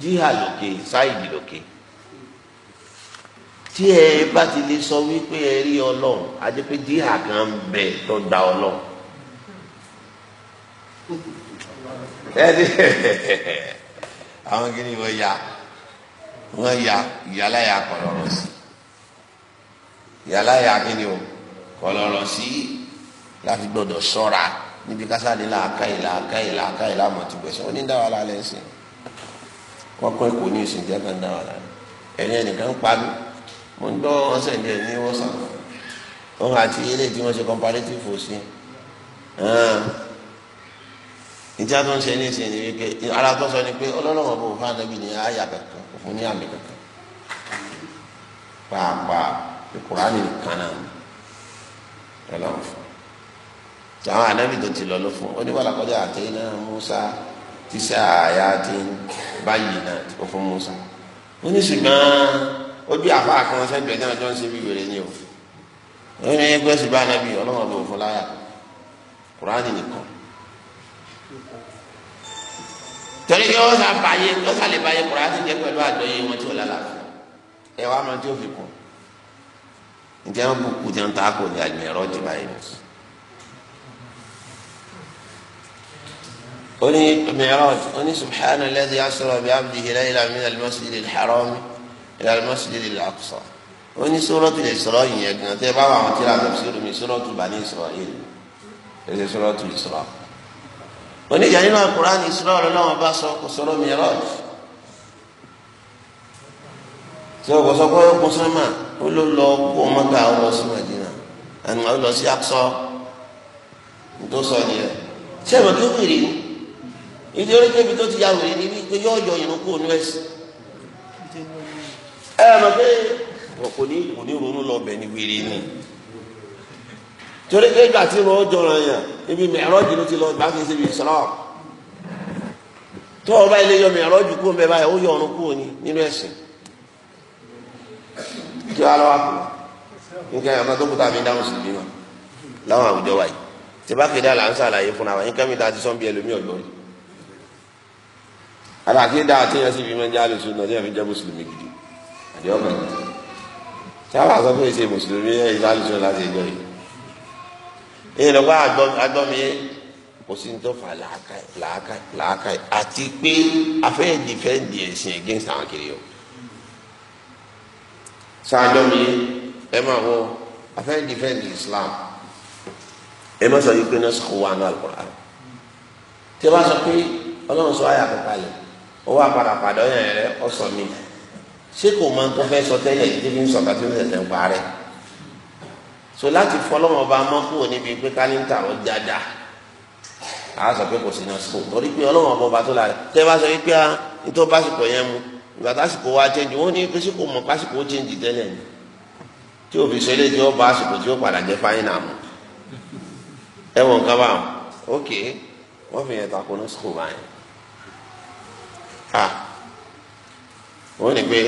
jíhà lókè sáìdì lókè tí ẹ bá ti lè sọ wípé ẹ rí ọlọ́run a pé jíhà kan bẹ̀ tó da ọlọ́run ẹni àwọn kìnìún yà wọn ya ìyálà ya kọlọrọ sí ìyálà ya kí ni o kọlọrọ sí láti gbọ́dọ̀ ṣọ́ra níbi kásáde làákà yìí làákà yìí làákà yìí láàmú ti gbèsè wọn ní dá wàhálà lẹ sí kọkọ ẹ̀kọ́ ní ìsìn jẹ kàn dá wàhálà ẹni ẹnìkan ń palu mo ń gbọ́ ọsẹ díẹ̀ ní wọsàn òun àti eléyìí tí wọn ṣe comparative òsì ìjà tó ń ṣe ní ìsìn ní wípé ara tó sọ ni pé ọlọ́lọ́wọ́ bò fún àdàbí ni àyà kankan. fún ní àmì kankan pàápàá kùránì nìkan náà Ọlọ́run fún ti lọ fun fún ó ní wàhálà Musa ti ṣe àyà tí báyìí náà Musa ó ní ṣùgbọ́n ojú àfa kan sẹ́gbẹ̀ẹ́ náà jọ ń ṣe bí ni o ó ní gbẹ́sùn bá ànábì Ọlọ́run ló fún láyà torí kí wọ́n sábà yé wọ́n sábà lè bá yé kura á sì jẹ́ pẹ̀lú àjọyé wọn tí ò lálàáfíà ẹ wá máa tí ó fi kù njẹ́ wọn kúkú tí wọ́n ta kò ní àgbẹ̀ ẹ̀rọ jù báyìí lọ. oni miiraj oni subhana alladhi asra bi abdihi layla min almasjid alharam ila almasjid alaqsa oni suratul isra yẹn gan tẹ báwa àwọn tíra tafsir mi suratul bani isra'il ẹ ṣe suratul isra oníjà nínú alukur'an ìṣúra ọlọ́wọ́n bá sọ kò sọ̀rọ̀ mìíràn sọ kò sọ pé ó kún sọ́mà ó ló lọ kó mọ́tà ó lọ sí Madina àná ó lọ sí aksọ tó sọ nìyẹn ṣé ìwọ kí ó wèrè ìdí orí kébi tó ti ya wèrè ni wípé yóò yọ ìrún kó nu ẹsì ẹ mọ̀ pé kò ní ronú lọ bẹ̀ ni wèrè ni torí pé ìgbà tí wọn jọra yàn ibi mẹrọjì ló ti lọ gbà kí n ṣe ibi ìsọlá tó ọba ilé yọ mẹrọjì kú mẹ báyìí ó yọ ọrùn kú òní nínú ẹsìn kí wàá lọ́wọ́ kù nǹkan yàtọ̀ tó kù tàbí dáhùn sí bímọ láwọn àwùjọ wa yìí tìbá kéde àlàáńsà àlàyé fúnra wa nǹkan mi ta ti sọ́n bí ẹlòmíì ọ̀yọ́ rí alákéda àtẹ̀yàn sí bímọ jẹ́ àlùsù náà ní àfijẹ́ mùsùlùmí gidi àdéhùn kan sábà sọ pé ìṣe mùsùlùmí ẹ̀ ìṣe àlùsù láti ìjọ yìí èyí lọ́kọ́ agbọ́mi yé kò sí ní tó fa làákàyè làákàyè làákàyè àti pé afẹ́ dìfẹ́ǹdì ẹ̀sìn against àwọn kiri o sáájọ́mi yé ẹ máa wọ afẹ́ dìfẹ́ǹdì Islam ẹ má sọ yìí pé náà sọ̀kò wà ní Al-Qur'an tí ẹ bá sọ pé Ọlọ́run sọ àyà kọ̀ọ̀kan lẹ̀ owó àpàdà pàdé ọ̀yàn rẹ̀ ọ̀sán mi ṣé kò máa ń tó fẹ́ sọ tẹ́lẹ̀ tí fi ń sọ̀tà tí ó ń parẹ́ so láti fọlọ́mọ bá mọ́ kúrò níbi pé kálíńtà wọn dáadáa a sọ pé kò sí ní ọsùn torí pé ọlọ́wọ́n ọba tó la tẹ́ bá sọ yìí pé nítorí pásìkò yẹn mu ìgbà tásìkò wa chẹ́ǹjì wọ́n ní pásìkò mọ̀ pásìkò ó chẹ́ǹjì tẹ́lẹ̀ ni tí òfin sọ eléyìí tí ó bá àsìkò tí ó padà jẹ́ fáyínà mu ẹ wọ̀n nǹkan bá wọn ok wọ́n fi yẹn takò ní sùkúl báyìí a ah, wọ́n ní pé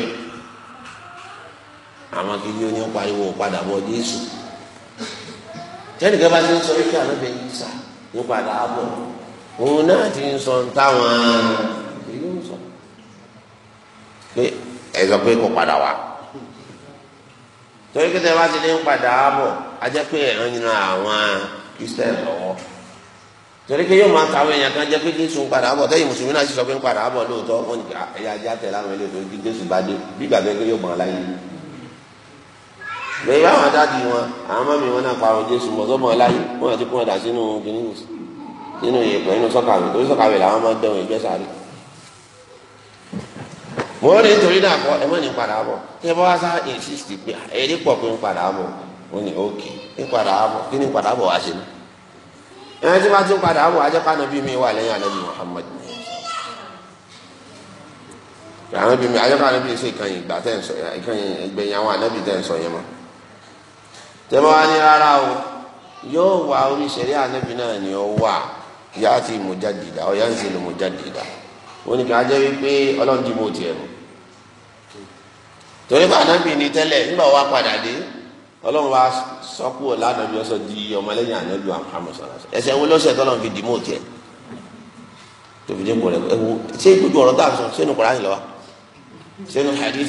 àwọn kìíní ó ní pariwo padà bọ̀ tẹ́lẹ̀ kẹ́ bá ti ń sọ wípé ànábẹ́ yìí sà ń padà bọ̀ òun náà ti ń sọ táwọn èyí ń sọ pé ẹ sọ pé kò padà wá torí kíkẹ́ bá ti ní ń padà bọ̀ a jẹ́ pé ẹ̀rọ yìí náà àwọn kristian lọ́wọ́ torí pé yóò máa kàwé èèyàn kan jẹ́ pé jésù ń padà bọ̀ tẹ́yìn mùsùlùmí náà sì sọ pé ń padà bọ̀ lóòótọ́ wọ́n ní ah, ẹ̀yà ajá tẹ̀ láwọn ẹlẹ́dọ̀ọ́ jésù bá dé bí gbàgbé pé yóò mọ̀ ọ́ láyé bẹ́ẹ̀ bá wọn dáàdi wọn àwọn mọ́mí wọn náà parọ́ jésù mọ̀sọ́mọ́ ọláyé wọn àti kún ọ̀dà sínú kìnìún sínú ìyẹ̀pẹ̀ nínú sọ́kàwé torí sọ́kàwé làwọn máa ń dẹ̀wọ̀n ìgbẹ́ sáré. mo rí nítorí náà kọ ẹ mọ̀ ní padà bọ̀ tí ẹ bá wá sá insist pé èdè pé ń padà ó ní òkè ń padà kí ni ń padà bọ̀ wá ṣe ní. ẹni tí ti ń padà ajẹ́ bí mi wà tẹ́mọ́ wá rárá o yóò wá orí sẹ̀rí náà ni ó wà yá ti mujadida ọ̀yá ń ya lè mujadida wọ́n ní kí wọ́n wípé ọlọ́run ti mú tiẹ̀ mọ́ torí bá ànábì ní tẹ́lẹ̀ nígbà wá padà dé ọlọ́run wá sọ́kù ọ̀la ọ̀sọ̀ di ọmọlẹ́yìn lọ́sẹ̀ tọ́lọ́run fi dì mú tiẹ̀ dé ṣé ọ̀rọ̀ tá a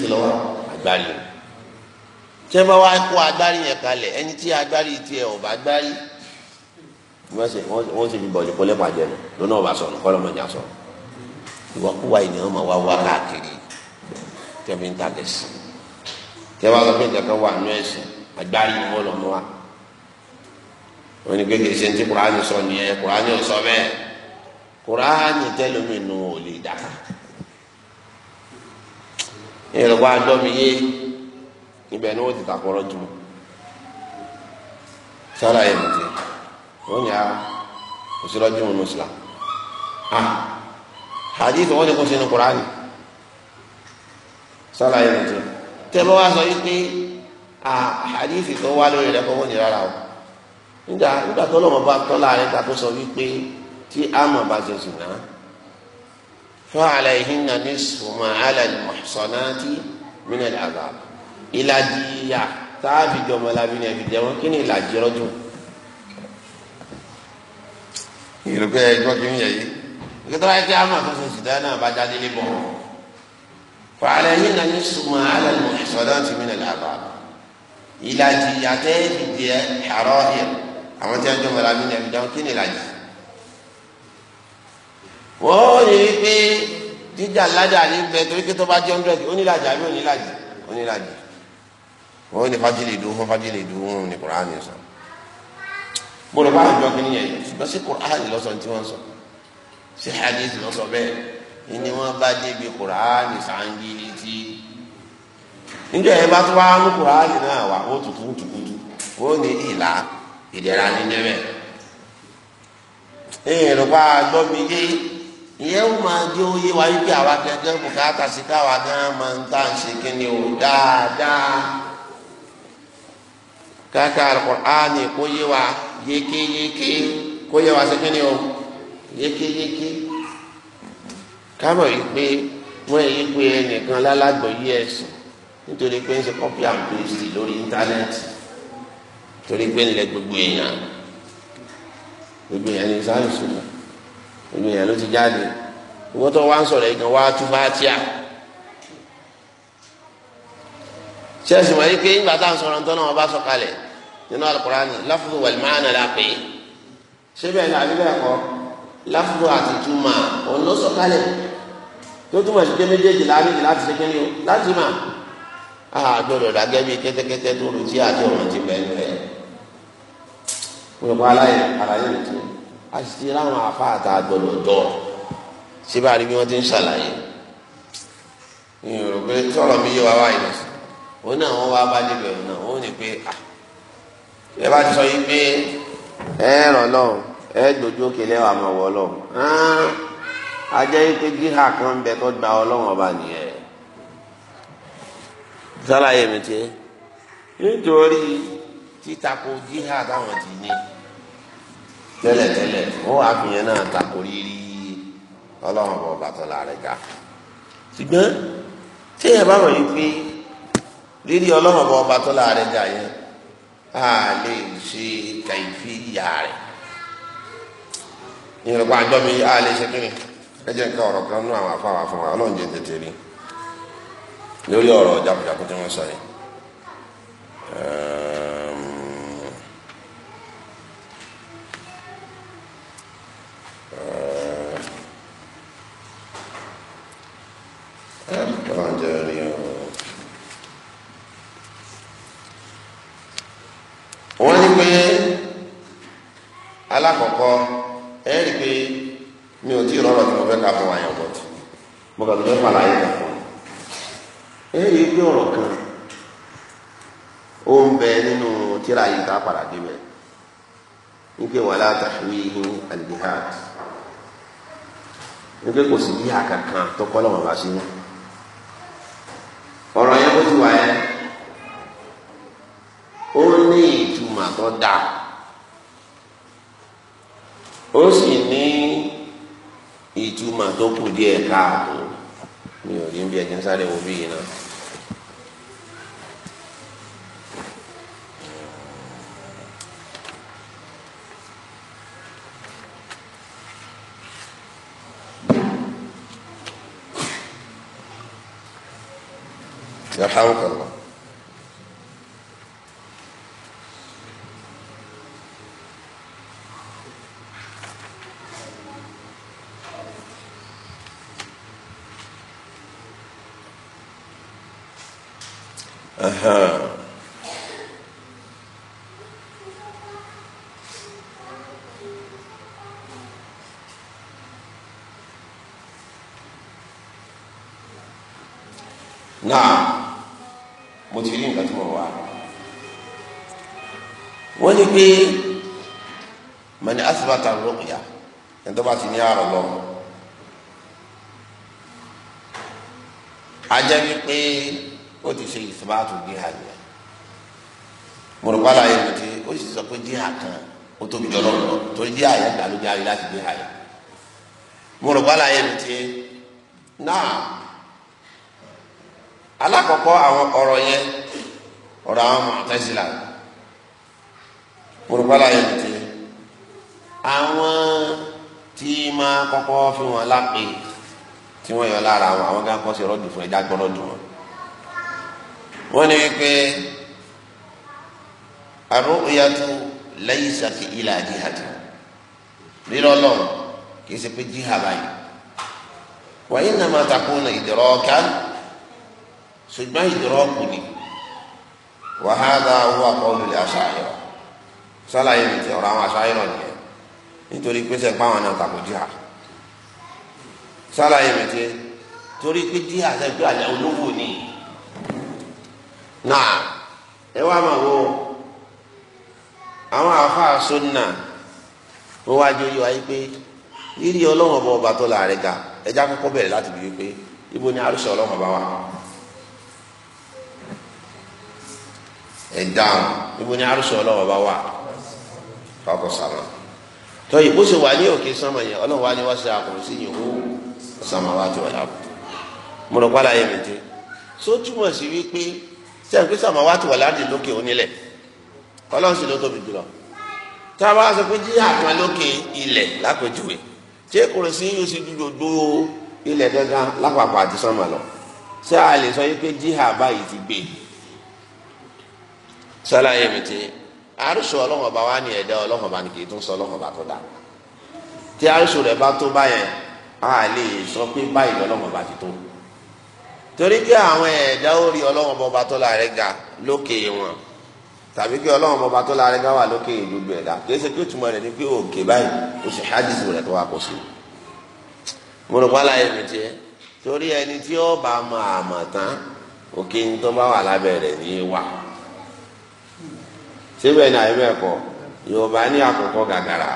sọ tí wọ́n bá wá kó agbárí yẹn kalẹ̀ ẹni tí agbárí tiẹ̀ ò bá gbárí wọ́n sì wọ́n sì fi bọ̀ nípò lẹ́pàá jẹ nù lónà ọba sọ̀rọ̀ kọ́ lọ́mọdé àṣọ ìwàkúwà ènìyàn máa wá wá káàkiri tẹ́mi ń tàgẹ̀ sí tẹ́wọ́ sọ wà nú ẹ̀sìn agbárí ni wọ́n lọ mọ́ wa wọ́n ní kékeré ṣe ń kuraani sọ nìyẹn kuraani ò sọ bẹ́ẹ̀ kuraani tẹ́lómi ò lè dàka ibẹ̀ ni wọ́n ti takọrọ jù mọ́ sára yẹn mọ̀ tiẹ̀ wọ́n yà kò sí lọ́jọ́ òun islam ah hadith wọ́n ní kò sí ní kuraani sára yẹn mọ̀ tiẹ̀ tẹ́ bá wá sọ yìí pé ah hadith tó wá lórí rẹ̀ kọ́ wọ́n ní rárá o nígbà nígbà tó lọ́mọ bá tọ́ láàrin ta tó sọ wípé tí àmọ̀ bá ṣe sùn náà fún àlàyé hinna ní sùnmọ́ àlàyé mọ̀ṣánáàtì mí ìlàjì ìyà tá a fi jọmọ labi ni ẹ fi jẹ wọn kí ni ìlàjì rọjò ìrùkọ ẹ gbọ́ kí n yẹ yìí ìgbésẹ̀ wáyé kí a máa fẹsẹ̀ sùdá náà bá jáde lé bọ̀ fàlẹ́ yín náà ní sùnmọ́ alẹ́ mọ̀ sọ́dọ̀ tì mí nàlẹ́ àbá ìlàjì ìyà tẹ́ ẹ fi jẹ ẹ̀rọ ẹ̀ àwọn tí a jọmọ labi ni ẹ jẹ wọn kí ni ìlàjì wọ́n yìí pé jíjà ládàá ní bẹ́ẹ̀ torí pé tó bá jẹ́ hundred onílàjà àbí onílàjì onílàjì. wọ́n ní fájìlìdú fún fájìlìdú wọn ní kùránì sọ bọ́lá bá àjọ kí nìyẹn ṣùgbọ́n sí kùránì lọ́sọ̀ tí wọ́n sọ sí hadith lọ́sọ̀ bẹ́ẹ̀ ni wọ́n bá débi kùránì sàǹgìlì tí níjọ́ yẹn bá tún wá mú kùránì náà wà ó tutù tukutu wọ́n ní ìlà ìdẹ̀ra ní bá gbọ́ mi ìyẹn máa oyé àwa gẹ́gẹ́ bùkátà sí káwa gán máa ń tà ń káka alukur'ani kó yé wa yékéyéké kó yé wa sẹ́kẹ́ni o yékéyéké kámọ̀ yìí pé wọ́n yìí pé ẹnìkan lálágbọ̀ yí ẹ̀sìn nítorí pé ń ṣe copy and paste lórí íńtánẹ́ẹ̀tì torí pé ńlẹ̀ gbogbo èèyàn gbogbo èèyàn ní sáà ìṣúná gbogbo èèyàn ló ti jáde ìwọ́n tó wá ń sọ̀rọ̀ yìí kan wá tú bá tíà ṣẹ́ẹ̀sì wọ́n yìí pé ńgbà tá à ń sọ̀rọ̀ ń tọ́ náà wọ́n bá sọ kalẹ̀ nínú alukurani láfùdù wàlímánà la pè é síbẹ̀ ní àbíbẹ̀ ẹ̀kọ́ láfùdù àti túmọ̀ òun ló sọ kálẹ̀ tó túmọ̀ sí pé méjèèjì láàrin láti ṣe kí ni o láti mà á gbọdọ̀ dàgẹ́ bíi kẹ́tẹ́kẹ́tẹ́ tó lu tí àti ọ̀rọ̀ ti bẹ̀ ẹ̀ olùkọ́ aláyẹ aláyẹ mi tó a sì ti ráwọn afá àtà gbọdọ̀ jọ síbẹ̀ àrí bí wọ́n ti ń ṣàlàyé ìròpé sọ̀rọ̀ mi yé wa wáyé lọ sí òun náà wọ́n wá bá débẹ̀ òun náà òun ní pé ah ẹ bá sọ yìí ẹ ẹ pé jíhà kan ń bẹ tó gba ọlọ́wọ́n ọba nìyẹn sálàyé mi nítorí títako jíhà táwọn ti ní tẹ́lẹ̀tẹ́lẹ̀ ó fi yẹn náà tako rírí ọlọ́wọ́n ọba ọba ga ṣùgbọ́n tí ẹ bá pé rírí ọlọ́wọ́n ọba ga yẹn. a lè ṣe kàyífì ìyá rẹ̀ ìyẹn àjọ mi a lè ṣe kíni ẹ jẹ́ nǹkan ọ̀rọ̀ kan nú àwọn afáwà fún wa ọlọ́run jẹ́ tètè rí lórí ọ̀rọ̀ jàpùjàpù tí wọ́n sọ yìí. pé alákọ̀ọ́kọ́ ẹ rí i pé mi ò tí ì rọrọ̀ tí mo fẹ́ ká fún wa yẹn bọ̀ tí mo kàn tó fẹ́ fà láyé kan fún ẹ rí i pé ọ̀rọ̀ kan ó ń bẹ nínú tíra yìí ká padà débẹ̀ wípé wàhálà tàṣírí ìhìn àlìhàd wípé kò sí yíyà kankan tó kọ́ lọ́wọ́ bá sí wọn ọ̀rọ̀ yẹn bó ti wà yẹn. ọ̀nà tó dáa ó sì ní ìtumọ̀ tó kù díẹ̀ káàbọ̀ mi ò rí bí ẹjẹ sáré wo bíi náà. يرحمك الله ní àrò lọ. ajẹ́ wípé ó ti ṣe ìsìbáàtù jihad yẹn mọ̀rọ̀pá láàyè ló ti ó sì sọ pé jihad kan ó tóbi jọ lọ́wọ́ torí jihad yẹn gbà ló jáde láti jihad yẹn mọ̀rọ̀pá láàyè ló ti náà alákọ̀ọ́kọ́ àwọn ọ̀rọ̀ yẹn ọ̀rọ̀ àwọn mọ̀tẹ́sílà mọ̀rọ̀pá láàyè ló ti. máa kọ́kọ́ fi wọn lápè tí wọ́n yọ lára wọn àwọn gan kọ́ sí rọ́ọ̀dù fún ẹja gbọ́ rọ́ọ̀dù wọn. wọ́n ní wípé ar-ru'yatu laysat ila jihati rírọ́lọ́ kìí ṣe pé jíhà báyìí wa innama takunu idrakan ṣùgbọ́n idraku ni wa hadha huwa qawlu al sálàyé mi ti ọ̀rọ̀ àwọn àṣà nìyẹn. nítorí pé sẹ pàwọn náà tako díà sálàyé mi ti torí pé ni náà ẹ wá máa wo àwọn àáfàá sunna wọn wá yọ ayé pé rírí ọlọ́run ọba ọba tó láàrin ga ẹja kọ́kọ́ bẹ̀rẹ̀ láti bí wípé ibo ni arúṣọ ọlọ́run wa ẹ̀ ibo ni arúṣọ ọlọ́run wa fàkọ̀ sàmà. tọ́yì bó ṣe wà ní òkè sánmà yẹn ọlọ́run wá ní wá ṣe àkùnrin sí yìí hó sánmà wá ti wà láàbù mo rò pálá yẹn mi dé so túmọ̀ sí wípé sẹ́yìn pé sánmà wá ti wà láàdì lókè onílẹ̀ ọlọ́run sì ló tóbi jùlọ tá a bá sọ pé jíyà kan lókè ilẹ̀ lápẹjùwe ṣé kùnrin sí yóò ṣe dúdú ilẹ̀ gangan lápapọ̀ àti sánmà lọ ṣé a lè sọ yìí pé jíhà báyìí ti gbé sálàyé mi ti àrísù ọlọ́wọ́n bá wà ní ẹ̀dá ọlọ́wọ́n bá ní kì í tún sọ ọlọ́wọ́n bá tó dá tí àrísù rẹ̀ bá tó báyẹn a lè sọ pé báyìí ọlọ́wọ́n bá ti tó torí pé àwọn ẹ̀dá orí ọlọ́wọ́n bọba tó la rẹ̀ ga lókè wọn tàbí pé ọlọ́wọ́n bọba tó la rẹ̀ ga wà lókè gbogbo ẹ̀dá kìí pé tùmọ̀ rẹ̀ ni pé òkè báyìí o sì hádìsù rẹ̀ tó wà kó sí mo rò pálá ẹ̀mí tiẹ̀ torí ẹni tí ó bá àmọ̀ tán òkè ń tó bá wà lábẹ́ rẹ̀ ní wà. síbẹ̀ ní àyẹ̀bẹ̀ kọ yorùbá ní àkókò gàgàrà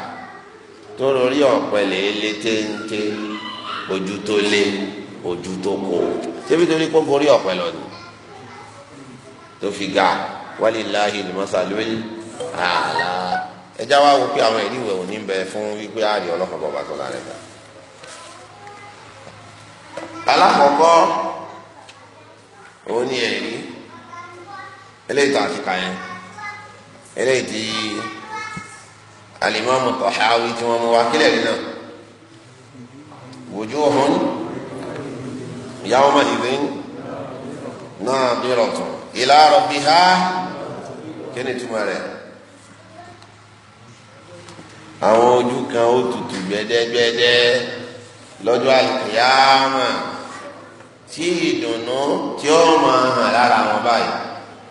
tó lórí ọ̀pẹ̀lẹ̀ lé téńté ojú tó lé ojú tó kó síbi torí kó gorí ọ̀pẹ̀ lọ ni tó fi ga walillahi masalul àlá ẹjá wa pé àwọn ìdíwẹ̀ bẹ fún wípé bá eléyìí ti alimami Tahawi tí wọ́n mú wa kílẹ̀ nínà wujuhun yawma idhin nadiratun ila rabbiha kí ni túmọ̀ rẹ̀ àwọn ojú kan ó tutù gbẹdẹgbẹdẹ lọ́jọ́ àlùkìyàmà tí ìdùnnú tí ó máa hàn lára wọn báyìí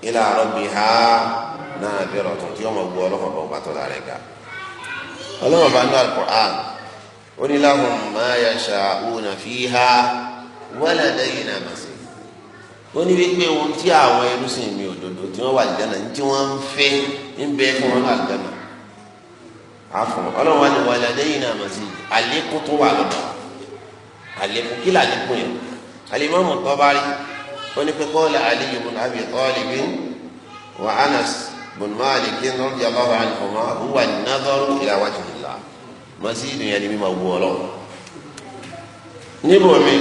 ila rabbiha náà dẹrọ tó tí ọmọ wu ọlọ́mọ bá wà tó la rẹ̀ ga ọlọ́mọ bá ní alukur'an ó ní lahum ma yasha'una fiha wala ladayna masid ó ní wípé ohun tí àwọn ẹrúsìn mi òdodo tí wọ́n wà àlùjáná ní tí wọ́n ń fẹ́ ń bẹ fún wọn àlùjáná àfọ ọlọ́run wa ni wà ladayna masid àlékún tó wà lọ́dọ̀ àlékún kí là yẹn alimami wa Anas bùn Malik radiyallahu anhuma huwa an-nazaru ila wajhillah masiidu yẹn ni mi ma wú ọlọ́run níbo mi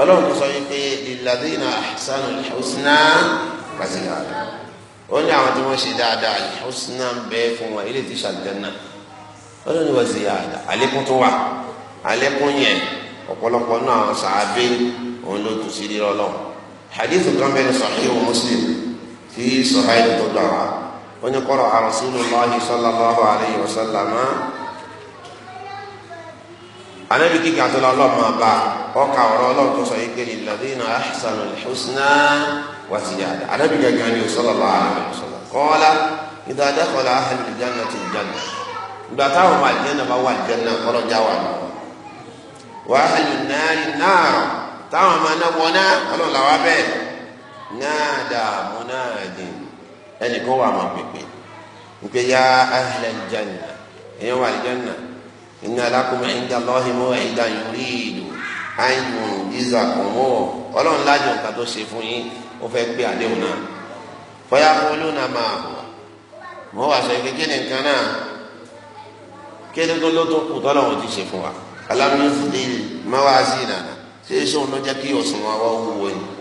ọlọ́run tó sọ yìí pé lilladhina ahsanul husna kàṣíkà ó ní àwọn tí wọ́n ṣe dáadáa al-husna ń bẹ fún wa ilé tí ṣàlùjànnà ọlọ́run ni wọ́n ṣe yàrá àlékún tó wà àlékún náà sàábé òun ló tù sí rírọ́ lọ́wọ́ hadith kan bẹ́ẹ̀ ni Sahih Muslim. في صحيح الضبعة ونقرأ رسول الله صلى الله عليه وسلم anabi kíkà tó lọ lọ́mọ bá ọkà ọ̀rọ̀ ọlọ́run tó sọ yìí pé lilladhina ahsanu alhusna wa ziyada anabi gẹ́gẹ́ ni sallallahu alaihi wasallam qala idha dakhala ahlul jannati aljanna ìgbà táwọn ọmọ àlìjẹ́nà bá wà àlìjẹ́nà kọ́lọ́jà wà lọ. wa ahlun nari nara táwọn ọmọ náà wọ náà náàdà múnáàdìn ẹnìkan wà máa pèpè wípé yá ahlẹ̀ jẹ́nà ẹ̀yẹ́ wà jẹ́nà inna lakum inda Allahi maw'idan yuridu an yunjizakum ọlọ́run lájọ nǹkan tó ṣe fún yín ó fẹ́ gbé àdéhùn náà fọyà olú náà máa wà wọ́n wà sọ pé kí ni nǹkan náà kí ni ló tó kù tọ́lọ̀ ti ṣe fún wa alámúlẹ̀ mọ́wá sí ìlànà ṣé sóun ló jẹ́ kí ọ̀sùn wa wọ́n wúwo yìí.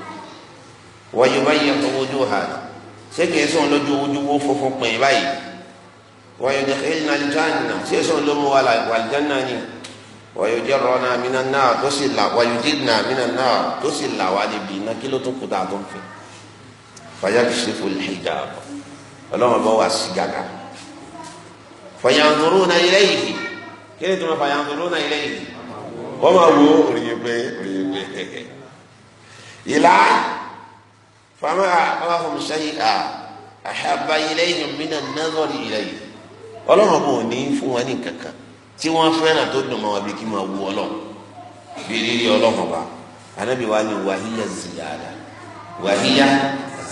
ويبيض وجوهنا سيكي يسون لجو وجوه ففق باي ويدخلنا الجنة سيسون لمو والجنة ويجرنا من النار تسلا ويجدنا من النار تسلا والبينا كيلو تقطع في فيكشف الحجاب ولما بوا السجاكة فينظرون إليه كيف فينظرون إليه وما هو ريبي ريبي إلى فما ọlọ́fọ̀m ṣayí a àṣàbà ilayhim minan nazari ilayhim ọlọ́run bò ní fún wọn ní kankan tí wọ́n fẹ́ràn tó dùn mọ́ wọn bí kí máa wú ọlọ́run bí rírí ọlọ́run bá anábì wa ni wàhíyà ziyada wàhíyà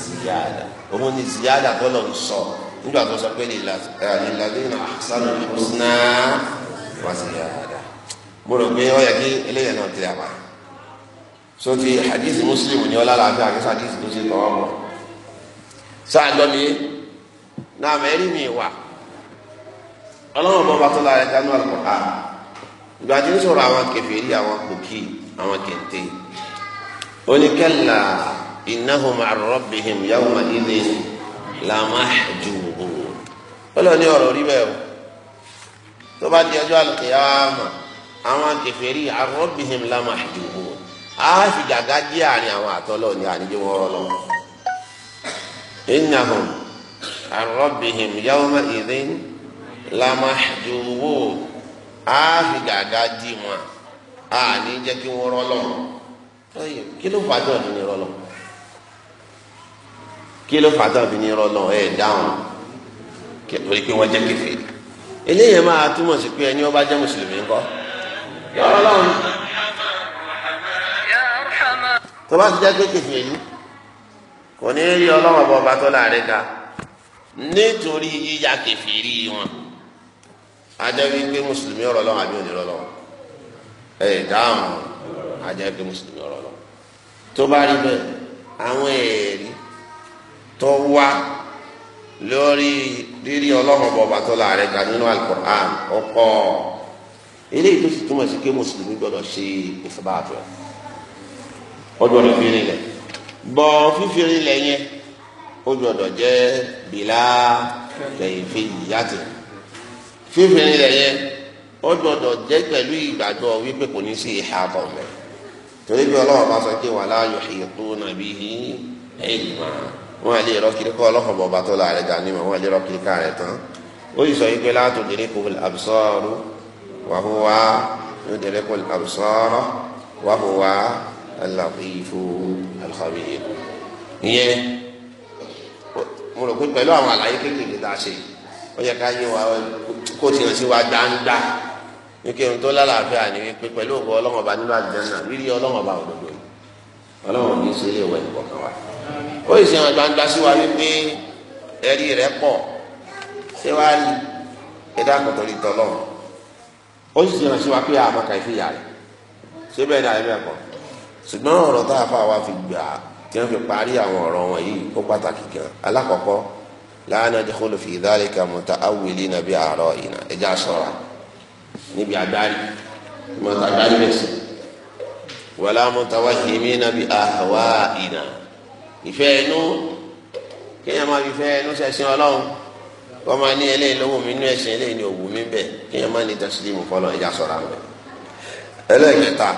ziyada òun ni ziyada tó lọ sọ nígbà tó sọ pé eh, lilladhina ahsanul husna wa ziyada mo rò pé ó yẹ kí eléyà náà tẹ̀lé àbá so ti hadith muslim ni ọlá làbí àkísà hadith tó ṣe tọwọ́ mọ́ sáàjọ mi náà mẹ́rin mi wà ọlọ́run bọ́ bá tó lára ẹ̀ka ní àlùkòkà ìgbà tí ń sọ̀rọ̀ àwọn kèfèrí àwọn kòkì àwọn kẹ̀ǹtẹ̀ oníkẹ́là innahum ar rabbihim yawma idhin lamahjubun ọlọ́ni ọ̀rọ̀ rí bẹ́ẹ̀ o tó bá di ọjọ́ àlùkìyàmà àwọn kèfèrí ar rabbihim lamahjubun a fi gàgá jí àárín àwọn àtọ́lọ́ ní àníjẹ́ wọn rọ́ lọ. innahum arọ́bìhìm yawma idhin lamahjubu a fi gàgá jí wọn àníjẹ́ kí wọ́n rọ́ lọ. kí ló fàtọ́ ọ̀dún ní rọ́ kí ló fàtọ́ ọ̀dún ní rọ́ ẹ̀ dáhùn torí pé wọ́n jẹ́ kẹfẹ́ eléyìí máa túmọ̀ sí pé ẹni ó bá jẹ́ mùsùlùmí ńkọ́ yọ̀ọ́ lọ́wọ́ tó bá ti jẹ́ pé kèfèrí kò ní rí ọlọ́wọ́ bọba tó láàrin ga nítorí yíya kèfèrí wọn ajẹ́bí pé mùsùlùmí ọ̀rọ̀ lọ́wọ́ àbí òní lọ́wọ́ ẹ̀ dáhùn ajẹ́bí pé mùsùlùmí ọ̀rọ̀ lọ́wọ́ tó bá rí bẹ́ẹ̀ àwọn ẹ̀rí tó wá lórí rírí ọlọ́wọ́ bọba tó láàrin ga nínú al ọ̀pọ̀ eléyìí tó sì túmọ̀ sí pé mùsùlùmí gbọ́dọ̀ ṣe ìfọ̀bá àtọ̀ ọjọ́ rẹ̀ fi rinlẹ̀ bọ̀ fífi rinlẹ̀ yẹn ó gbọ́dọ̀ jẹ́ bìlà kẹ̀yìnfẹ́ yìyàtì fífi rinlẹ̀ yẹn ó gbọ́dọ̀ jẹ́ pẹ̀lú ìgbàgbọ́ wípé kò ní sí ìhà àbọ̀ mẹ́ torí bí ọlọ́wọ́ bá sọ pé wala yuhituna bihi ilma wọn àlè rọ kiri kọ́ ọlọ́kọ̀ bọ̀bá tó la rẹ̀ dà ní ma wọn àlè rọ ká rẹ̀ tán ó sì sọ yìí pé la tudrikuhu al-absar wa huwa yudriku al-absar wa huwa alàkìfò alxabir ìyẹn mo rò pé pẹ̀lú àwọn àlàyé kékeré tá a ṣe ó yẹ ká yé wa kó tiẹ̀ sí wa dáńdá wípé ohun tó lálàáfíà ni wípé pẹ̀lú òbọ̀ ọlọ́mọba nínú àjẹnà rírí ọlọ́mọba òdodo ni ọlọ́mọ kì í ṣe ilé ìwẹ̀ nìkan wa ó yìí ṣe hàn gbangba sí wa wípé ẹ̀rí rẹ̀ pọ̀ ṣé wàá rí ẹ̀dá kòtòrí tọ́lọ́run ó sì ṣe hàn sí wa pé àmọ́ kàìfì yà rẹ̀ ṣé bẹ́ẹ̀ ni àyẹ̀bẹ̀ kọ́ ṣùgbọ́n ọ̀rọ̀ tá a fà wá fi gbà tí wọ́n fi parí àwọn ọ̀rọ̀ wọn yìí ó pàtàkì gan alákọ̀ọ́kọ́ láàánú adékòlù fi dhalika mọ̀tà awìlì nàbí àárọ̀ ìnà ẹja sọ̀ra níbi agbárí mọ̀tà agbárí mẹ́sì wàlá mọ̀tà wáhìmí nàbí àhàwá ìnà ìfẹ́ inú kéèyàn máa fi fẹ́ inú sẹ́sìn ọlọ́run wọ́n máa ní eléyìí lówó mi inú ẹ̀sìn eléyìí ní òwú mi bẹ̀ kéèyàn máa ní tẹ̀sílímù fọlọ́ ẹja sọ̀ra mẹ́ ẹlẹ́ẹ̀kẹta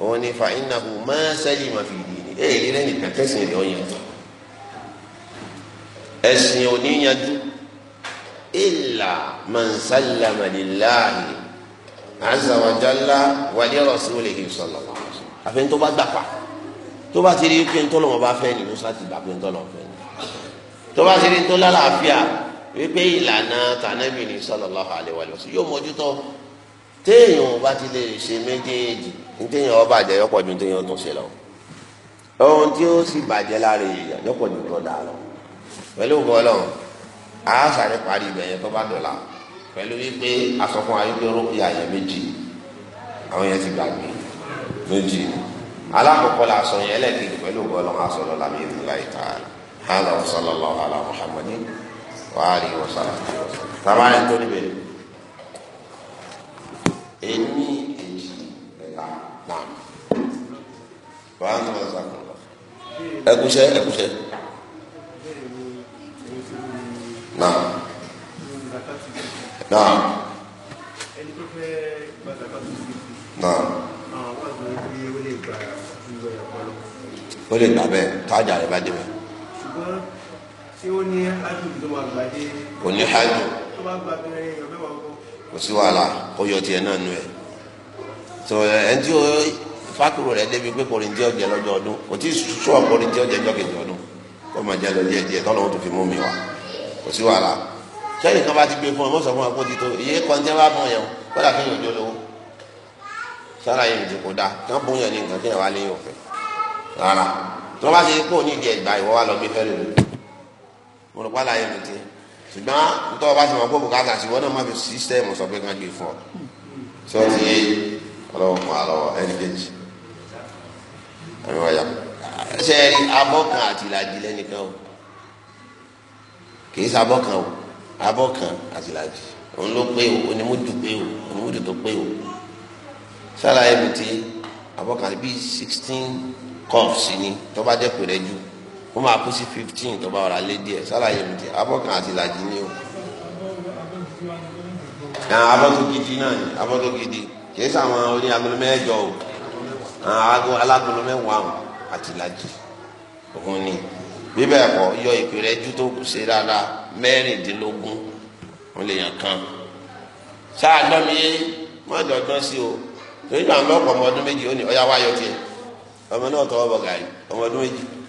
òun ni fa innahu ma salima fi dini ẹ èyí rẹ nìkan kẹsìn rẹ ọyàn ẹsìn oníyanjú illa man sallama lillahi azza wa jalla wa li rasulihi sallallahu alaihi wasallam àfi tó bá gbà pa tó bá ti rí pé ntọ́lọ́ wọn bá fẹ́ ni musa ti gbà pé ntọ́lọ́ fẹ́ ni tó bá ti rí ntọ́lọ́ àlàáfíà wípé ìlànà tànàbì ni sallallahu alaihi wasallam yóò mójútó téèyàn bá ti lè ṣe méjèèjì téèyàn ọba bàjẹ́ yọpọ̀ ju téèyàn tó ṣe lọ ohun tí ó sì bàjẹ́ lára èèyàn yọpọ̀ ju tó dà lọ pẹ̀lú bọ́lọ̀ àásàrè parí ibẹ̀ yẹn tó bá dọ̀la pẹ̀lú wípé ayélujára àyẹ̀ méjì àwọn yẹn ti gbàgbé méjì alákọ̀ọ́kọ́ la pẹ̀lú bọ́lọ̀ mi ìlú láì ta ẹni èjì ẹ̀ta náà wàá ń sọ̀rọ̀ sàkùn ẹkùsẹ́ ẹkùsẹ́ náà náà náà ó lè gbà bẹ́ẹ̀ tájà rẹ̀ bá dé bẹ́ẹ̀. ṣùgbọ́n tí ó hajj kò sí wàhálà kó yọ tiẹ̀ náà nù ẹ̀ o fákúrò rẹ̀ débi pé kòrìntì ọ̀jẹ̀ lọ́jọ́ ọdún kò tí sọ kòrìntì ọ̀jẹ̀ jọ́ kejì ọdún kó máa jẹ́ lọ díẹ̀ díẹ̀ tọ́lọ́wọ́ tó fi mú mi wá kò sí wàhálà sẹ́yìn kan bá ti gbé fún ọ mọ̀sán fún ọ kó ti tó iye kọ́ńtẹ́ bá fún yẹn kọ́dà fún yòjó lówó sára yẹn ti kó dáa kí wọ́n bóyá ní nǹkan kí wọ́n wá lé yẹn òfin rárá tí wọ́n ti kó ní ìdí ẹ̀gbá ìwọ́ ṣùgbọ́n nítorí ọba ti mọ̀ pé bùkátà sí wọ́n náà má fi sísítẹ́ẹ̀mù sọ pé kàn gbé fún ọ tí wọ́n ti yé ọlọ́wọ́ kan àlọ́wọ́ ẹni kejì ẹni wáyà ṣe é rí abọ́kan àti ìlàjì lẹ́nìkan o kì í ṣe abọ́kan o abọ́kan àti ìlàjì òun ló pé o onímúdù pé o onímúdù tó pé o ṣàlàyé mi ti abọ́kan bíi sixteen cups ni tó bá jẹ́ pèrè jù ó máa kú sí fifteen tó bá wà lálé díẹ̀ sálàyé mi jẹ́ abọ́kan àti ìlàjì ni o abọ́tò gidi náà ni abọ́tò gidi kì í sàwọn oní agolo mẹ́jọ o alágolo mẹ́wàá o àti ìlàjì òun ni bíbẹ̀ ẹ̀kọ́ yọ ìpìlẹ̀ ju tó kù sí dáadáa mẹ́rìndínlógún wọn lè yàn kan sáà gbọ́ mi yé wọ́n dọ̀gbọ́n sí o torí náà lọ́pọ̀ ọmọ ọdún méjì ó ní ọ̀yá wáyọ̀ tiẹ̀ ọmọ náà tọwọ́ bọ̀ gàrí ọmọ ọdún méjì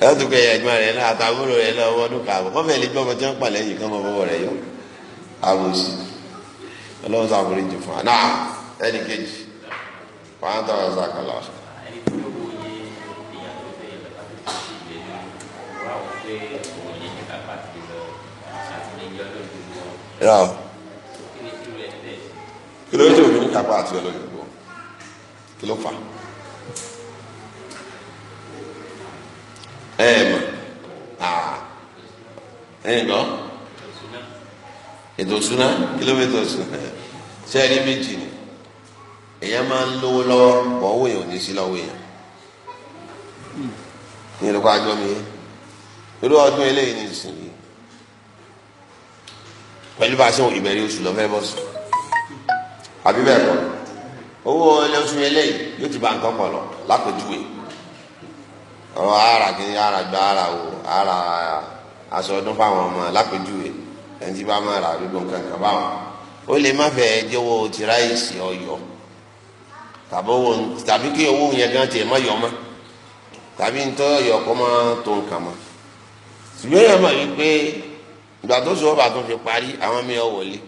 yóò tún kẹyà ẹ̀gbọ́n rẹ náà àtàbúrò rẹ náà ọmọ ọdún kààbọ̀ kọfẹ lè gbọmọ tí wọn pa lẹ́yìn kọmọ bọwọ rẹ yọ àbòsí Ọlọ́run sàbòrí jù fún wa náà ẹnì kejì wọn á tọrọ sàkàlà ọsàn. ra o kí ló dé òun ní kápá àti ọlọ́yìnbó kí ló fà á. ẹ mọ̀ ẹ gbọ́ ètò ìṣúná kìlómítà ìṣúná sẹ́ẹ̀rí méjì ni èèyàn máa ń lówó lọ́wọ́ bọ̀ owó yẹn ò ní sí lọ́wọ́ yẹn ní ìlú kọ́ àjọ mi irú ọdún eléyìí ní ìsinyìí pẹ̀lú bá a ṣe ìbẹ̀rẹ̀ oṣù lọ́fẹ́ bọ́ sí àbí bẹ́ẹ̀ kọ́ owó ẹlẹ́sùn eléyìí yóò ti bá nǹkan pọ̀ lọ lápẹ̀júwe ọ̀rọ̀ ara kìíní ara gba ara wò ara aṣọ ọdún fáwọn ọmọ lápèjúwe ẹni tí bá máa rà gbogbo nǹkan kan báwọn ó lè má fẹ́ jẹ́wọ́ tìráìsì ọ̀yọ́ tàbí owó tàbí kí owó yẹn gan tiẹ̀ má yọ mọ́ tàbí ntọ́ yọ kọ́ mọ́ tó nǹkan mọ́ ṣùgbọ́n yẹn mọ̀ wípé ìgbà tó sọ bá tó fi parí àwọn mi ò wọlé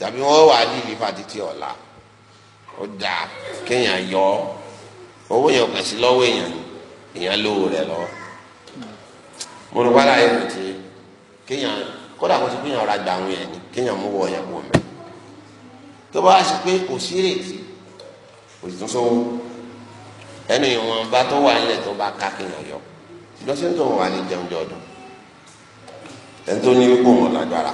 tàbí wọ́n wà lílì fàtítì ọ̀la ó dáa kéèyàn yọ owó yẹn kàn sí lọ́wọ́ èèyàn ni èèyàn lówó rẹ lọ́wọ́ mo rò wàhálà yẹn kò tiẹ̀ kéèyàn kódà kó ti pé ra gbà àwọn yẹn ni kéèyàn mú wọ yẹn kó mẹ tó bá ṣe pé kò sí rèétí kò sì tún sówó ẹnu ìwọ̀nba tó wà nílẹ̀ tó bá ká kéèyàn yọ ìjọsìn tó wà ní jẹun jọ ọdún ẹni tó ní kó wọn lágbára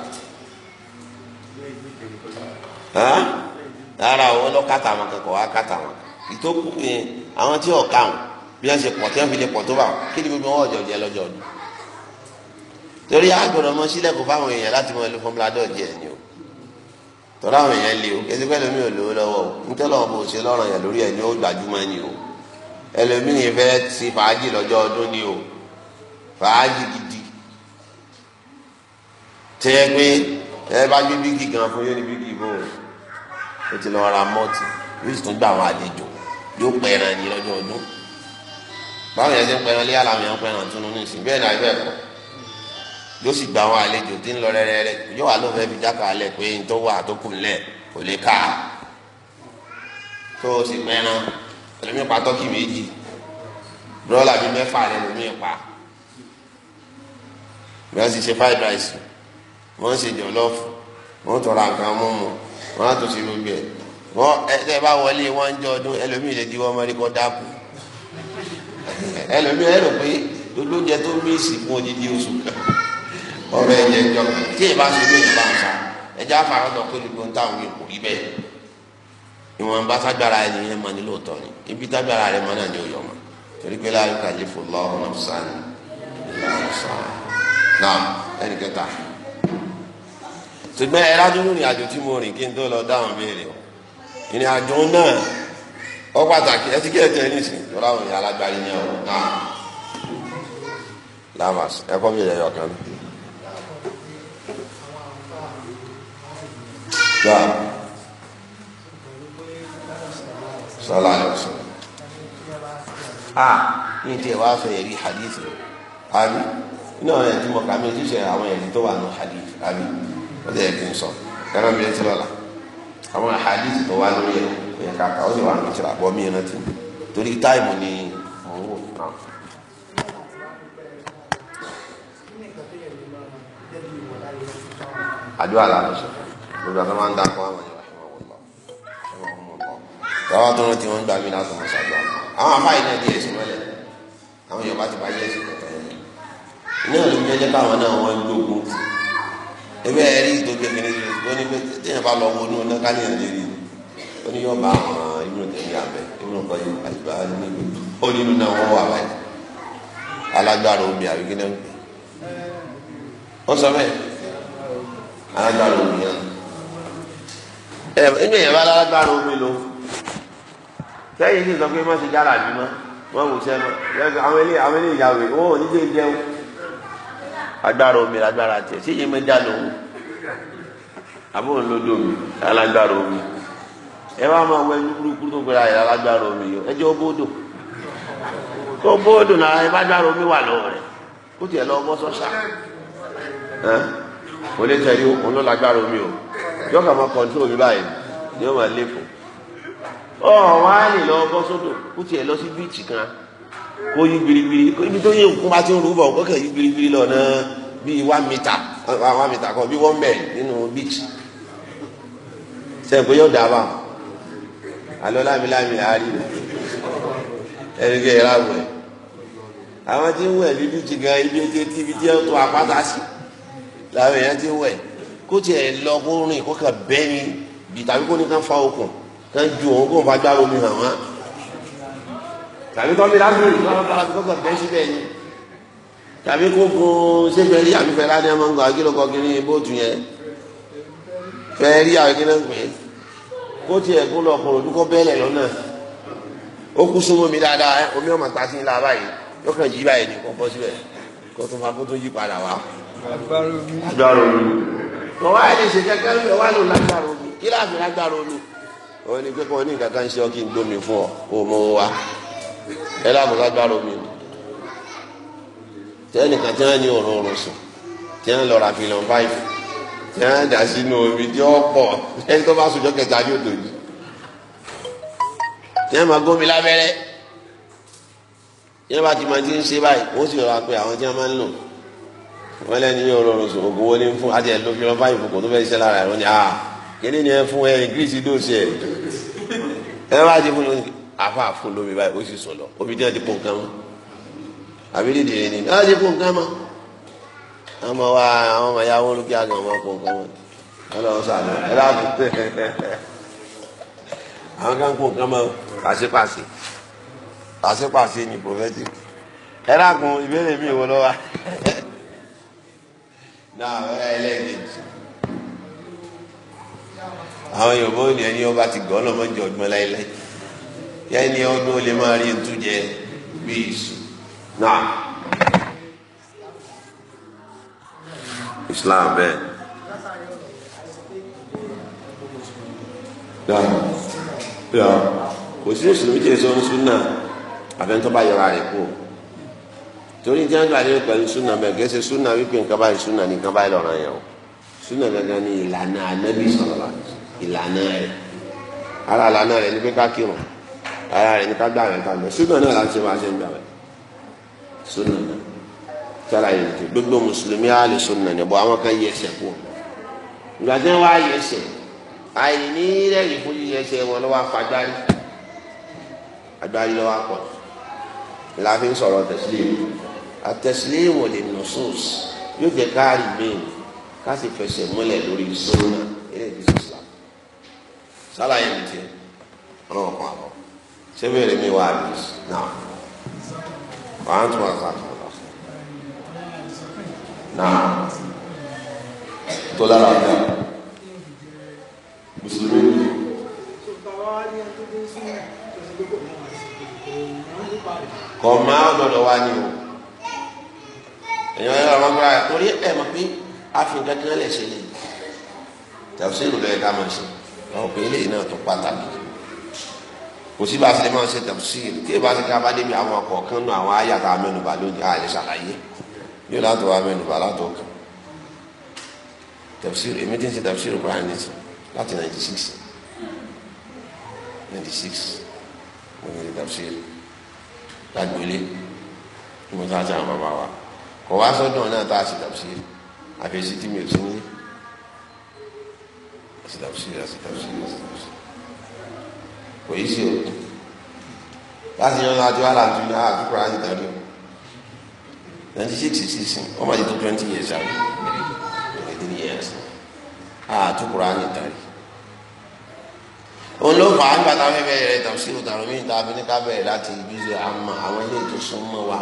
rárá o ọlọ́kàtà àwọn akẹ́kọ̀ọ́ akátà wọn ìtókù yẹn àwọn tí ò ká bí wọ́n ṣe pọ̀ tí wọ́n fi lè pọ̀ tó bá wọn kí ni gbogbo wọn ọ̀jọ̀ jẹ lọ́jọ́ ọdún torí àgbọ̀dọ̀ mọ sílẹ̀ fáwọn èèyàn láti mọ ẹlú fọmúládọ̀ jẹ ni o tọ́lá àwọn èèyàn lé o kẹsí pẹ́ẹ́lú ò lówó lọ́wọ́ nítorí ọmọ òṣèlú ọ̀ràn yẹn lórí ẹ̀ ó gbajúmọ̀ ni o ẹlòmíì fẹ́ ti fàájì lọ́jọ́ ọdún ni o fàájì gidi tẹ́ ẹ pé ẹ bá gbé bígì gan fún yóò ní bígì bò ó ó ti lọ ra mọ́ọ̀tì yóò sì tún gba àwọn àlejò yóò pẹ́ẹ́ràn ni lọ́jọ́ ọdún báwọn yẹn ti ń pẹran léyà làwọn yẹn ń pẹran tunu ní ìsìn bẹ́ẹ̀ náà ibẹ̀ kọ́ yóò sì gba àwọn àlejò tí ń lọ rẹ́rẹ́rẹ́ yóò wà ló fẹ́ fi jáka alẹ̀ pé n tó wà tó kù lẹ̀ kò lè ká tó o sì pẹran ẹlòmíì pa tọ́kì méjì dọ́là bíi mẹ́fà rẹ̀ lòmíì pa wọ́n sì ṣe fried rice wọ́n ṣe jọ̀lọ́fù wọ́n tọrọ nǹkan mú mu wọ́n á tún ṣe gbogbo ẹ̀ wọ́n ẹ tẹ́ bá wọlé wọ́n ń jọ ọdún ẹlòmíì lè ẹlòmíì ẹ rò pé olóúnjẹ tó míìsì fún odidi oṣù kan ọ̀rọ̀ ẹ̀jẹ̀ jọ tí èèyàn bá ṣe bí èèyàn bá ń sa ẹjẹ afárá lọ pé gbogbo ń táwọn èèyàn kò rí bẹ́ẹ̀ ìwọ̀n bá ságbára ẹni yẹn máa nílò tọ́ ni ibi tágbára rẹ máa náà ní oyọ̀ mọ́ torí pé láyé kàlí fún náà sàn lọ́wọ́ sàn náà ẹnì kẹta ṣùgbọ́n ẹ rájú rìnrìn àjò tí mo rìn kí n tó lọ dáhùn béèrè ìrìn àjò náà ọ pàtàkì ẹ ti kí ẹ tẹ ẹ nísìnyí lọ́la àwọn èèyàn alágbárí ni ọ náà lamas ẹ kọ́ ah, mi yẹ̀yọ̀ kan. gbà sọlá ni a ní tí ẹ wá fẹ́ yẹ rí hadith rẹ àbí iná ẹ tí mo kà mí ojúṣe àwọn ẹ̀rí tó wà ní hadith àbí ó ti yẹ kí n mi ẹ yẹ kàkà ó sì wà nù tìrà bọ́ mí ẹran torí táìmù ni òun wò fún un. àjọ àlàáfíà gbogbo àti máa ń dáko àwọn ìwà tọ́wọ́ tó ń ti wọ́n gbà mí láti mọ̀ ṣàjọ àwọn afáyín náà di ẹ̀sìn mọ́lẹ̀ àwọn Yorùbá ti bá yẹ ẹ̀sìn kọ̀ọ̀kan yẹn náà ló ń jẹ́jẹ́ káwọn náà wọ́n ń gbógun ebe ẹ̀rí ìdókè kìnìún tó ní pé téèyàn bá lọ wọnú ọ̀nà káníyàn lè rí ní yóò bá àwọn ibùdó tẹ̀lé abẹ ibùdó kọ́ yìí àtìgbà ní ó nínú náà wọ́n wà báyìí alágbára omi àbí kí náà ń pè sọ bẹ́ẹ̀ alágbára omi yẹn ẹ ẹnu èèyàn bá alágbára omi lò sẹ́yìn sì sọ pé má ṣe jára bí mọ́ wọ́n wò sẹ́ mọ́ àwọn ilé àwọn ilé ìyàwó wọn ò ní agbára omi alágbára tiẹ̀ sí yìí mi lòun àbúrò lódò mi alágbára omi ẹ wá máa wọ ẹni burúkú tó gbéra ẹ lágbára omi yọ ẹ jẹ́ ó bóódò kó bóódò náà ẹ bá gbára omi wà lọ́wọ́ rẹ̀ kó tiẹ̀ lọ bọ́ sọ́sà ó lè tẹ̀lé òun ló lágbára omi o yóò kà máa kọ́ńtò mi báyìí ni ó máa lé fún ọ wá lè lọ bọ́ sódò kó tiẹ̀ lọ sí bíìtì kan kó yí gbirigbiri ibi tó yẹ kó máa ti ń rú bọ̀ kó kẹ̀ yí gbirigbiri lọ náà bíi one meter one meter kan bíi one mile nínú bíìtì sẹ́yìn pé yóò dáa báwọn alọ́ lámìlámì àárí rẹ̀ ẹnìkan ìlà wẹ̀ àwọn tí ń wẹ̀ ní bíi jìgàn ibi ètè tí ibi díẹ̀ tó apáta sí làwọn èèyàn ti ń wẹ̀ kó tiẹ̀ lọ kó rìn kó kàn bẹ́ẹ̀ ni bì tàbí kó ní kàn fa okùn kàn ju òun kó n fa gbá omi hàn wọ́n tàbí tọ́mi lásìkò kó kàn bẹ́ẹ̀ síbẹ̀ ni tàbí kó gun sẹ́fẹ̀rí àbí fẹ́lá ní ọmọ nǹkan akílókọ̀ kiri bóòtù yẹn fẹ́ẹ́rí àwọn kí náà ń kó tiẹ̀ kó lọ kọ̀rọ̀ dúkọ́ bẹ́ẹ̀lẹ̀ lọ́nà ó kú súnmọ́ mi dáadáa omi ọmọ ta sí ńlá báyìí yóò kàn yí báyìí ní kó bọ́ síbẹ̀ kó tó máa kó tó yí padà wá. agbára omi. wọ́n wá ẹni ṣe kẹ́kẹ́ lóye wá lò lágbára omi kí láàfin lágbára omi. òun ni pẹ́kọ́ ní kankan ṣe ọkì gbómi fún ọ kó o mọ owó wa ẹ láàbò lágbára omi. tẹ́nìkan tí wọ́n ní òórùn òórùn sùn tí wọ́n lọ ra tí wọ́n á dà sínú omi tí wọ́n pọ̀ ẹni tó bá sojọ́ kẹta ni ó tó yìí tí wọ́n máa gómi lábẹ́rẹ́ tí wọ́n bá ti máa ti ń ṣe báyìí wọ́n sì rọra pé àwọn tí wọ́n máa ń lò wọ́n lẹ́ni yóò rọrùn sọ ògùn wọlé ń fún àti ẹ̀ ló fi lọ báyìí fòkò tó fẹ́ ṣiṣẹ́ lára ẹ̀ wọ́n ni ah kíní ni ẹ fún ẹ gírísì dóòsì ẹ̀ ẹ bá ti fún lómi àfa fún lómi báyìí ó sì sùn lọ omi tí wọ́n ti pọ̀ nǹkan mọ́ àbí dídì ni á ti fún nǹkan mọ́ ọmọ wa àwọn ọmọ ya wọn lókè àgbà ọmọ kò nǹkan wọn Ọlọ́run sàlẹ ẹ láàbù àwọn kan kó nǹkan mọ pàṣípàṣí pàṣípàṣí ni prophetic ẹ láàkùn ìbéèrè mi ìwọ lọ́wọ́ náà ọ̀rẹ́ ẹlẹ́gẹ̀ẹ́jì àwọn Yorùbá ò ní ẹni ọba ti gbọ́ ọlọ́mọdé ọdún láéláé yẹn ni ọdún ó lè máa rí ntújẹ bí ìsù náà. islam bẹ́ẹ̀. kò sí mùsùlùmí tí èso ń súnà àfẹnutọ́ bá yọra rẹ̀ kú torí tí wọ́n gbà dé pẹ̀lú súnà bẹ́ẹ̀ kì í ṣe súnà wípé nǹkan báyìí súnà ní nǹkan báyìí lọ́rọ̀ yẹn o súnà gangan ni ìlànà anábì sọ̀rọ̀ la ìlànà rẹ̀ ara ìlànà rẹ̀ ni pé ká kírun ara rẹ̀ ni ká gbà rẹ̀ ká gbà súnà náà láti ṣe máa ṣe ń gbà rẹ̀ súnà náà sálàyé nìkan gbogbo mùsùlùmí àlè sunna ní bọ àwọn kan yẹ ẹsẹ kú ìgbà tí wọn yẹ ẹsẹ àìní rẹyìn fún yíyẹ ẹsẹ wọn lọ́wọ́ afagbárí agbárí lọ́wọ́ akọ láfi ń sọ̀rọ̀ tẹsílẹmù àtẹsílẹmù lè nù sóòs yóò jẹ káàrí bẹ́ẹ̀ ká sì fẹsẹ̀ múlẹ̀ lórí sunna ilé ìdíje islam sálàyé nìkan ọlọ́pàá sẹbẹrẹ mi wà á bìí náà wàá tún wà sáà tó náà tó lára ọjà mùsùlùmí ni. kọ̀ máa gbọ́dọ̀ wá ní o èèyàn yẹn lọ́wọ́ gbọ́dọ̀ torí ẹ̀ mọ̀ pé àfihàn kankan lè ṣe lè tafsir lóye ká máa ṣe àwọn òpin eléyìí náà tó pàtàkì kò sí bá a ṣe máa ṣe tafsir tí èèyàn bá ṣe ká bá àwọn ọkọ̀ kan nù àwọn àyà tá a mẹ́nu bá lónìí àyè ṣàlàyé yóò láti wá mẹ́nu bá látọ̀ kan tafsir èmi tí ń ṣe tafsir Quran ní sọ láti ninety six ninety six mo ní ṣe tafsir lágbélé tí mo sáà ṣe àwọn bàbá wa kò wá sọ́dọ̀ náà tá a ṣe tafsir àfẹsí tí mi ò sí ní ṣe tafsir ṣe tafsir ṣe tafsir kò yí sí o láti yan láti wá láti ní àti Quran ní ninety six sísìn ọmọ yìí tó twenty years ago twenty three years Ah, àti Kùránì tari òun ló fà á ń bàtà fẹ́ bẹ̀rẹ̀ rẹ̀ tàbí sí òtàrọ̀ mí ta fi ní ká bẹ̀rẹ̀ láti ibi ṣe àmọ́ àwọn ilé ìtòsùn mọ́ wa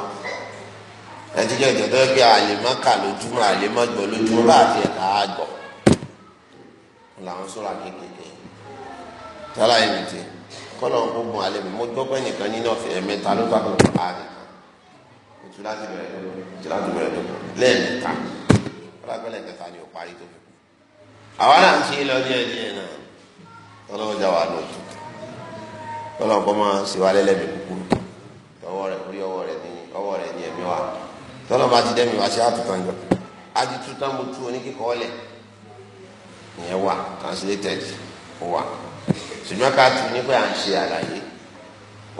ẹtijọ́ ìjọ́tọ́ pé àlèmọ́ kà lójúmọ́ àlèmọ́ gbọ́ lójúmọ́ bá àti ẹ̀ka àgbọ̀ làwọn sọ̀rọ̀ àkékèké tọ́lá ẹ̀mí ti kọ́lọ̀ ń kó bùn àlèmọ́ mo gbọ́ pé nìkan nínú ọ̀fẹ́ ẹ̀mẹ́ta ló bá kọ̀ ọ́ àrè kíláàsì bẹ̀rẹ̀ tó kíláàsì bẹ̀rẹ̀ tó lẹ́ẹ̀mẹ́ta ọlọ́gbẹ́lẹ̀ kẹta ni ò parí tó fi kú. àwa náà ń ṣe lọ díẹ̀ díẹ̀ náà ọlọ́run já wa lọ tó ọlọ́run kọ́ máa ṣe wa lẹ́lẹ́mì kúkúrú ọwọ́ rẹ̀ orí ọwọ́ rẹ̀ ní ọwọ́ rẹ̀ ní ẹ̀mí wa tọ́lọ́run ti dẹ́mi wá ṣe àtúntàn jọ àti túntàn mo tú oníkíkọ́ ọ̀lẹ̀ ìyẹn wà translated wà ṣùgbọ́n ká tún ní pé à ń ṣe àlàyé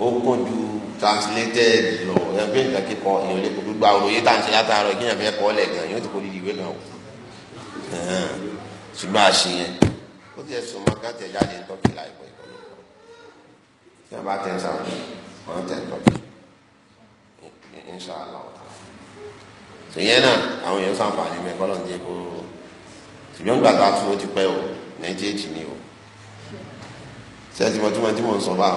ó kún ju translated lọ ẹgbẹ́ nǹkan kíkọ èèyàn lè kó gbogbo àwòrán tá à ń ṣe látàárọ̀ kí èèyàn fẹ́ kọ́ lẹ̀ gan yóò ti kó dídì ìwé gan o ṣùgbọ́n a ṣe yẹn ó ti ẹ̀sùn mọ́ ká tẹ̀ jáde tọ́kì láìpẹ́ ìkọlù tí a bá tẹ̀ sáà wọ́n tẹ̀ tọ́kì inṣàlá ọ̀tá sèyẹn náà àwọn èèyàn sàǹfààní mẹ́kọ́ lọ́n jẹ́ kó ṣùgbọ́n gbàgbà tó o ti pẹ́ o nàìjíríà ni o ṣé ẹ ti mọ tí mo ti mọ̀ ń sọ báà.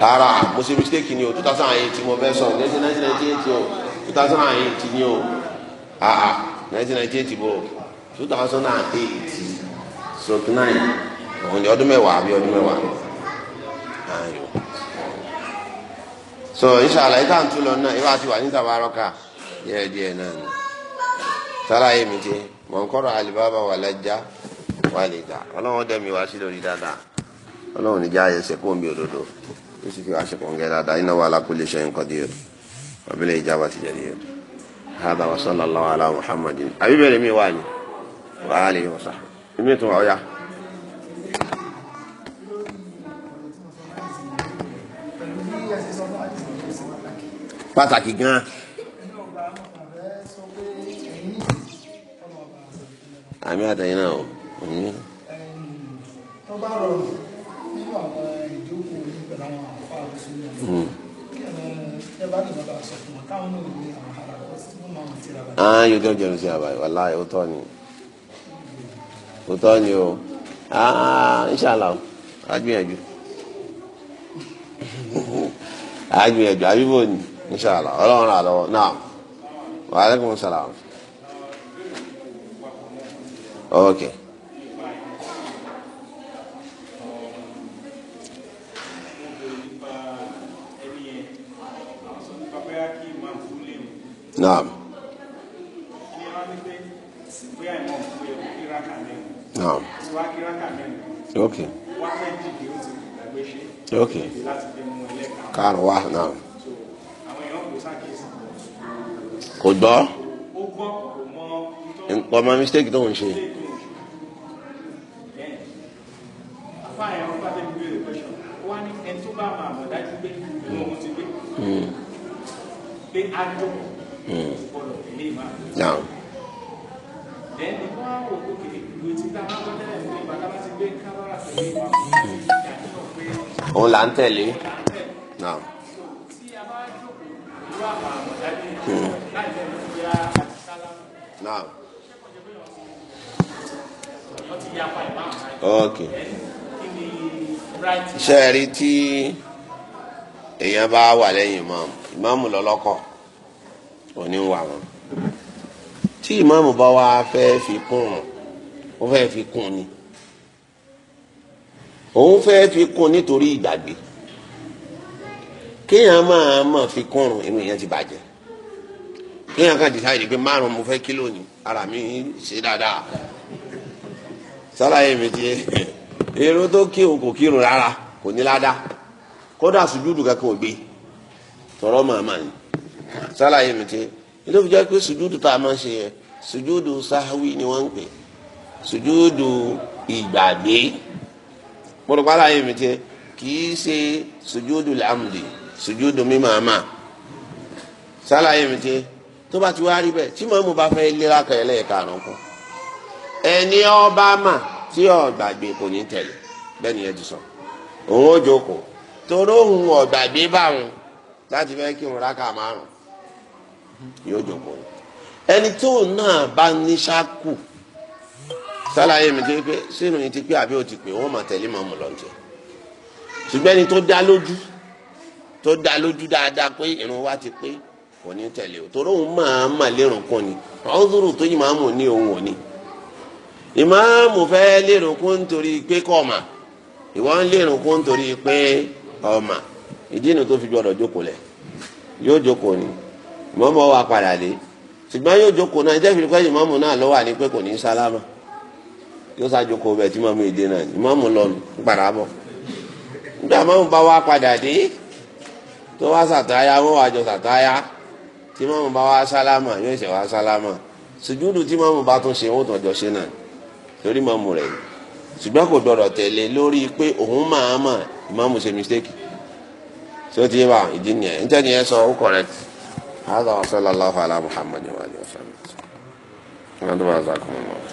rárá mo ṣe mistake ni o two thousand and eight mo fẹ́ sọ ní nineteen ninety eight o two thousand and eight ni o aa nineteen ninety eight bo two oh thousand and eight stroke nine òun ni ọdún mẹ́wàá àbí ọdún mẹ́wàá ayo so inshallah ita n tún lọ náà ìwà àti wà ní tabarọ́kà díẹ̀ díẹ̀ náà ni sára mi ti mọ̀ n kọ́rọ̀ alibaba wà lẹ́jà wà lè dà ọlọ́run dẹ̀ mi wá sí lórí dáadáa ọlọ́run níjà ayẹsẹ̀ kó mi òdodo yóò sì fi wá ṣe kọ̀ǹgẹ́ dáadáa innahu ala kulli shay'in qadir wa bil ijabati jadir hada wa sallallahu ala muhammadin àbí bẹ́ẹ̀ mi wà wa alihi wa sahbihi ìmí tún wà ó gan. àmì àtẹ̀yìn náà o. tó bá rọrùn nínú àwọn ìjókòó yìí pẹ̀lú àwọn ah yóò jẹun jẹun sí àbáyé wàláyé ó tọ́ ni ó tọ́ ni o ah inṣàlá o á gbìyànjú á gbìyànjú àbíbò ni inṣàlá ọlọ́run rà lọ́wọ́ náà wa alaikum salaam ok. naam naam ok ok karùn wa naam kò gbọ́ nǹkan ọmọ mistake tó ń ṣe. pé hmm náà. ẹnì kan á wò ó kékeré ìwé títà máa ń tẹ́lẹ̀ fún ìbàdàn láti gbé kámẹ́rà tẹ̀lé ìwà òun là ń tẹ̀lé. náà. náà. Hmm. tí èèyàn bá wà lẹ́yìn mọ́ ìmáàmù lọ́lọ́kọ̀ oníwà wọn tí ìmáàmù bá wá fẹ́ fi kún un ó fẹ́ fi kún ni òun fẹ́ fi kún nítorí ìgbàgbé kéèyàn máa máa fi kúrun inú yẹn ti bàjẹ́ kéèyàn kan decide pé márùn mo fẹ́ kílò ní ara mi ṣe dáadáa sálàyé mi ti èrò tó kírun kò kírun rárá kò ní ládàá kódà sùjúdù kankan ò gbé tọrọ màmá ni sálàyé mi ti ilé ìfúnjẹ pé sùjúdù tá a máa ṣe yẹ sùjúdù sáháwí ni wọ́n ń pè sùjúdù ìgbàgbé mọ̀rọ̀ pàlàyé mi ti kì í ṣe sùjúdù làmùdì sùjúdù mímàmá sálàyé mi ti tó bá ti wá rí bẹ́ẹ̀ tí màmú bá fẹ́ lera kan ẹlẹ́ẹ̀karùn kan ẹni ọba mà tí ó gbàgbé kò ní tẹ̀lé bẹ́ẹ̀ ni ẹ ti sọ òun ó jókòó torí òun ọ̀gbàgbé báwọn láti fẹ́ kí òun rákà márùn Mm-hmm. yóò jókòó ẹni tó náà bá ní ṣáàkù sálàyé mi tó pé sínú yìí ti pé àbí o ti pè wọn tẹ̀lé màmú lọ́njẹ́ ṣùgbọ́n ẹni tó dá lójú tó dá lójú dáadáa pé irun wa ti pé kò ní tẹ̀lé o torí ni tó yìí máa mú ò ìmáàmù fẹ́ lérò kún nítorí pé kọ́ ọ̀mà ń lérò kún nítorí pé ọ̀mà ìdí tó fi gbọdọ̀ jókòó lẹ̀ yóò jókòó ni. mọ́mọ́ wa padà lé ṣùgbọ́n yóò jókòó náà ẹjẹ́ fìlípẹ́ yìí náà lọ́wọ́ àní pé kò ní sálámà yóò ṣàjókòó bẹ̀ tí mọ́mọ́ èdè náà ni lọ gbàrà bọ̀ nígbà bá wa padà dé tó wá sàtáyà wọ́n wá jọ sàtáyà tí bá wa sálámà yóò ṣe wá sálámà tí bá tún ṣe wọ́n ṣe náà lórí rẹ̀ ṣùgbọ́n kò هذا وصلى الله على محمد وآله وسلم جزاكم الله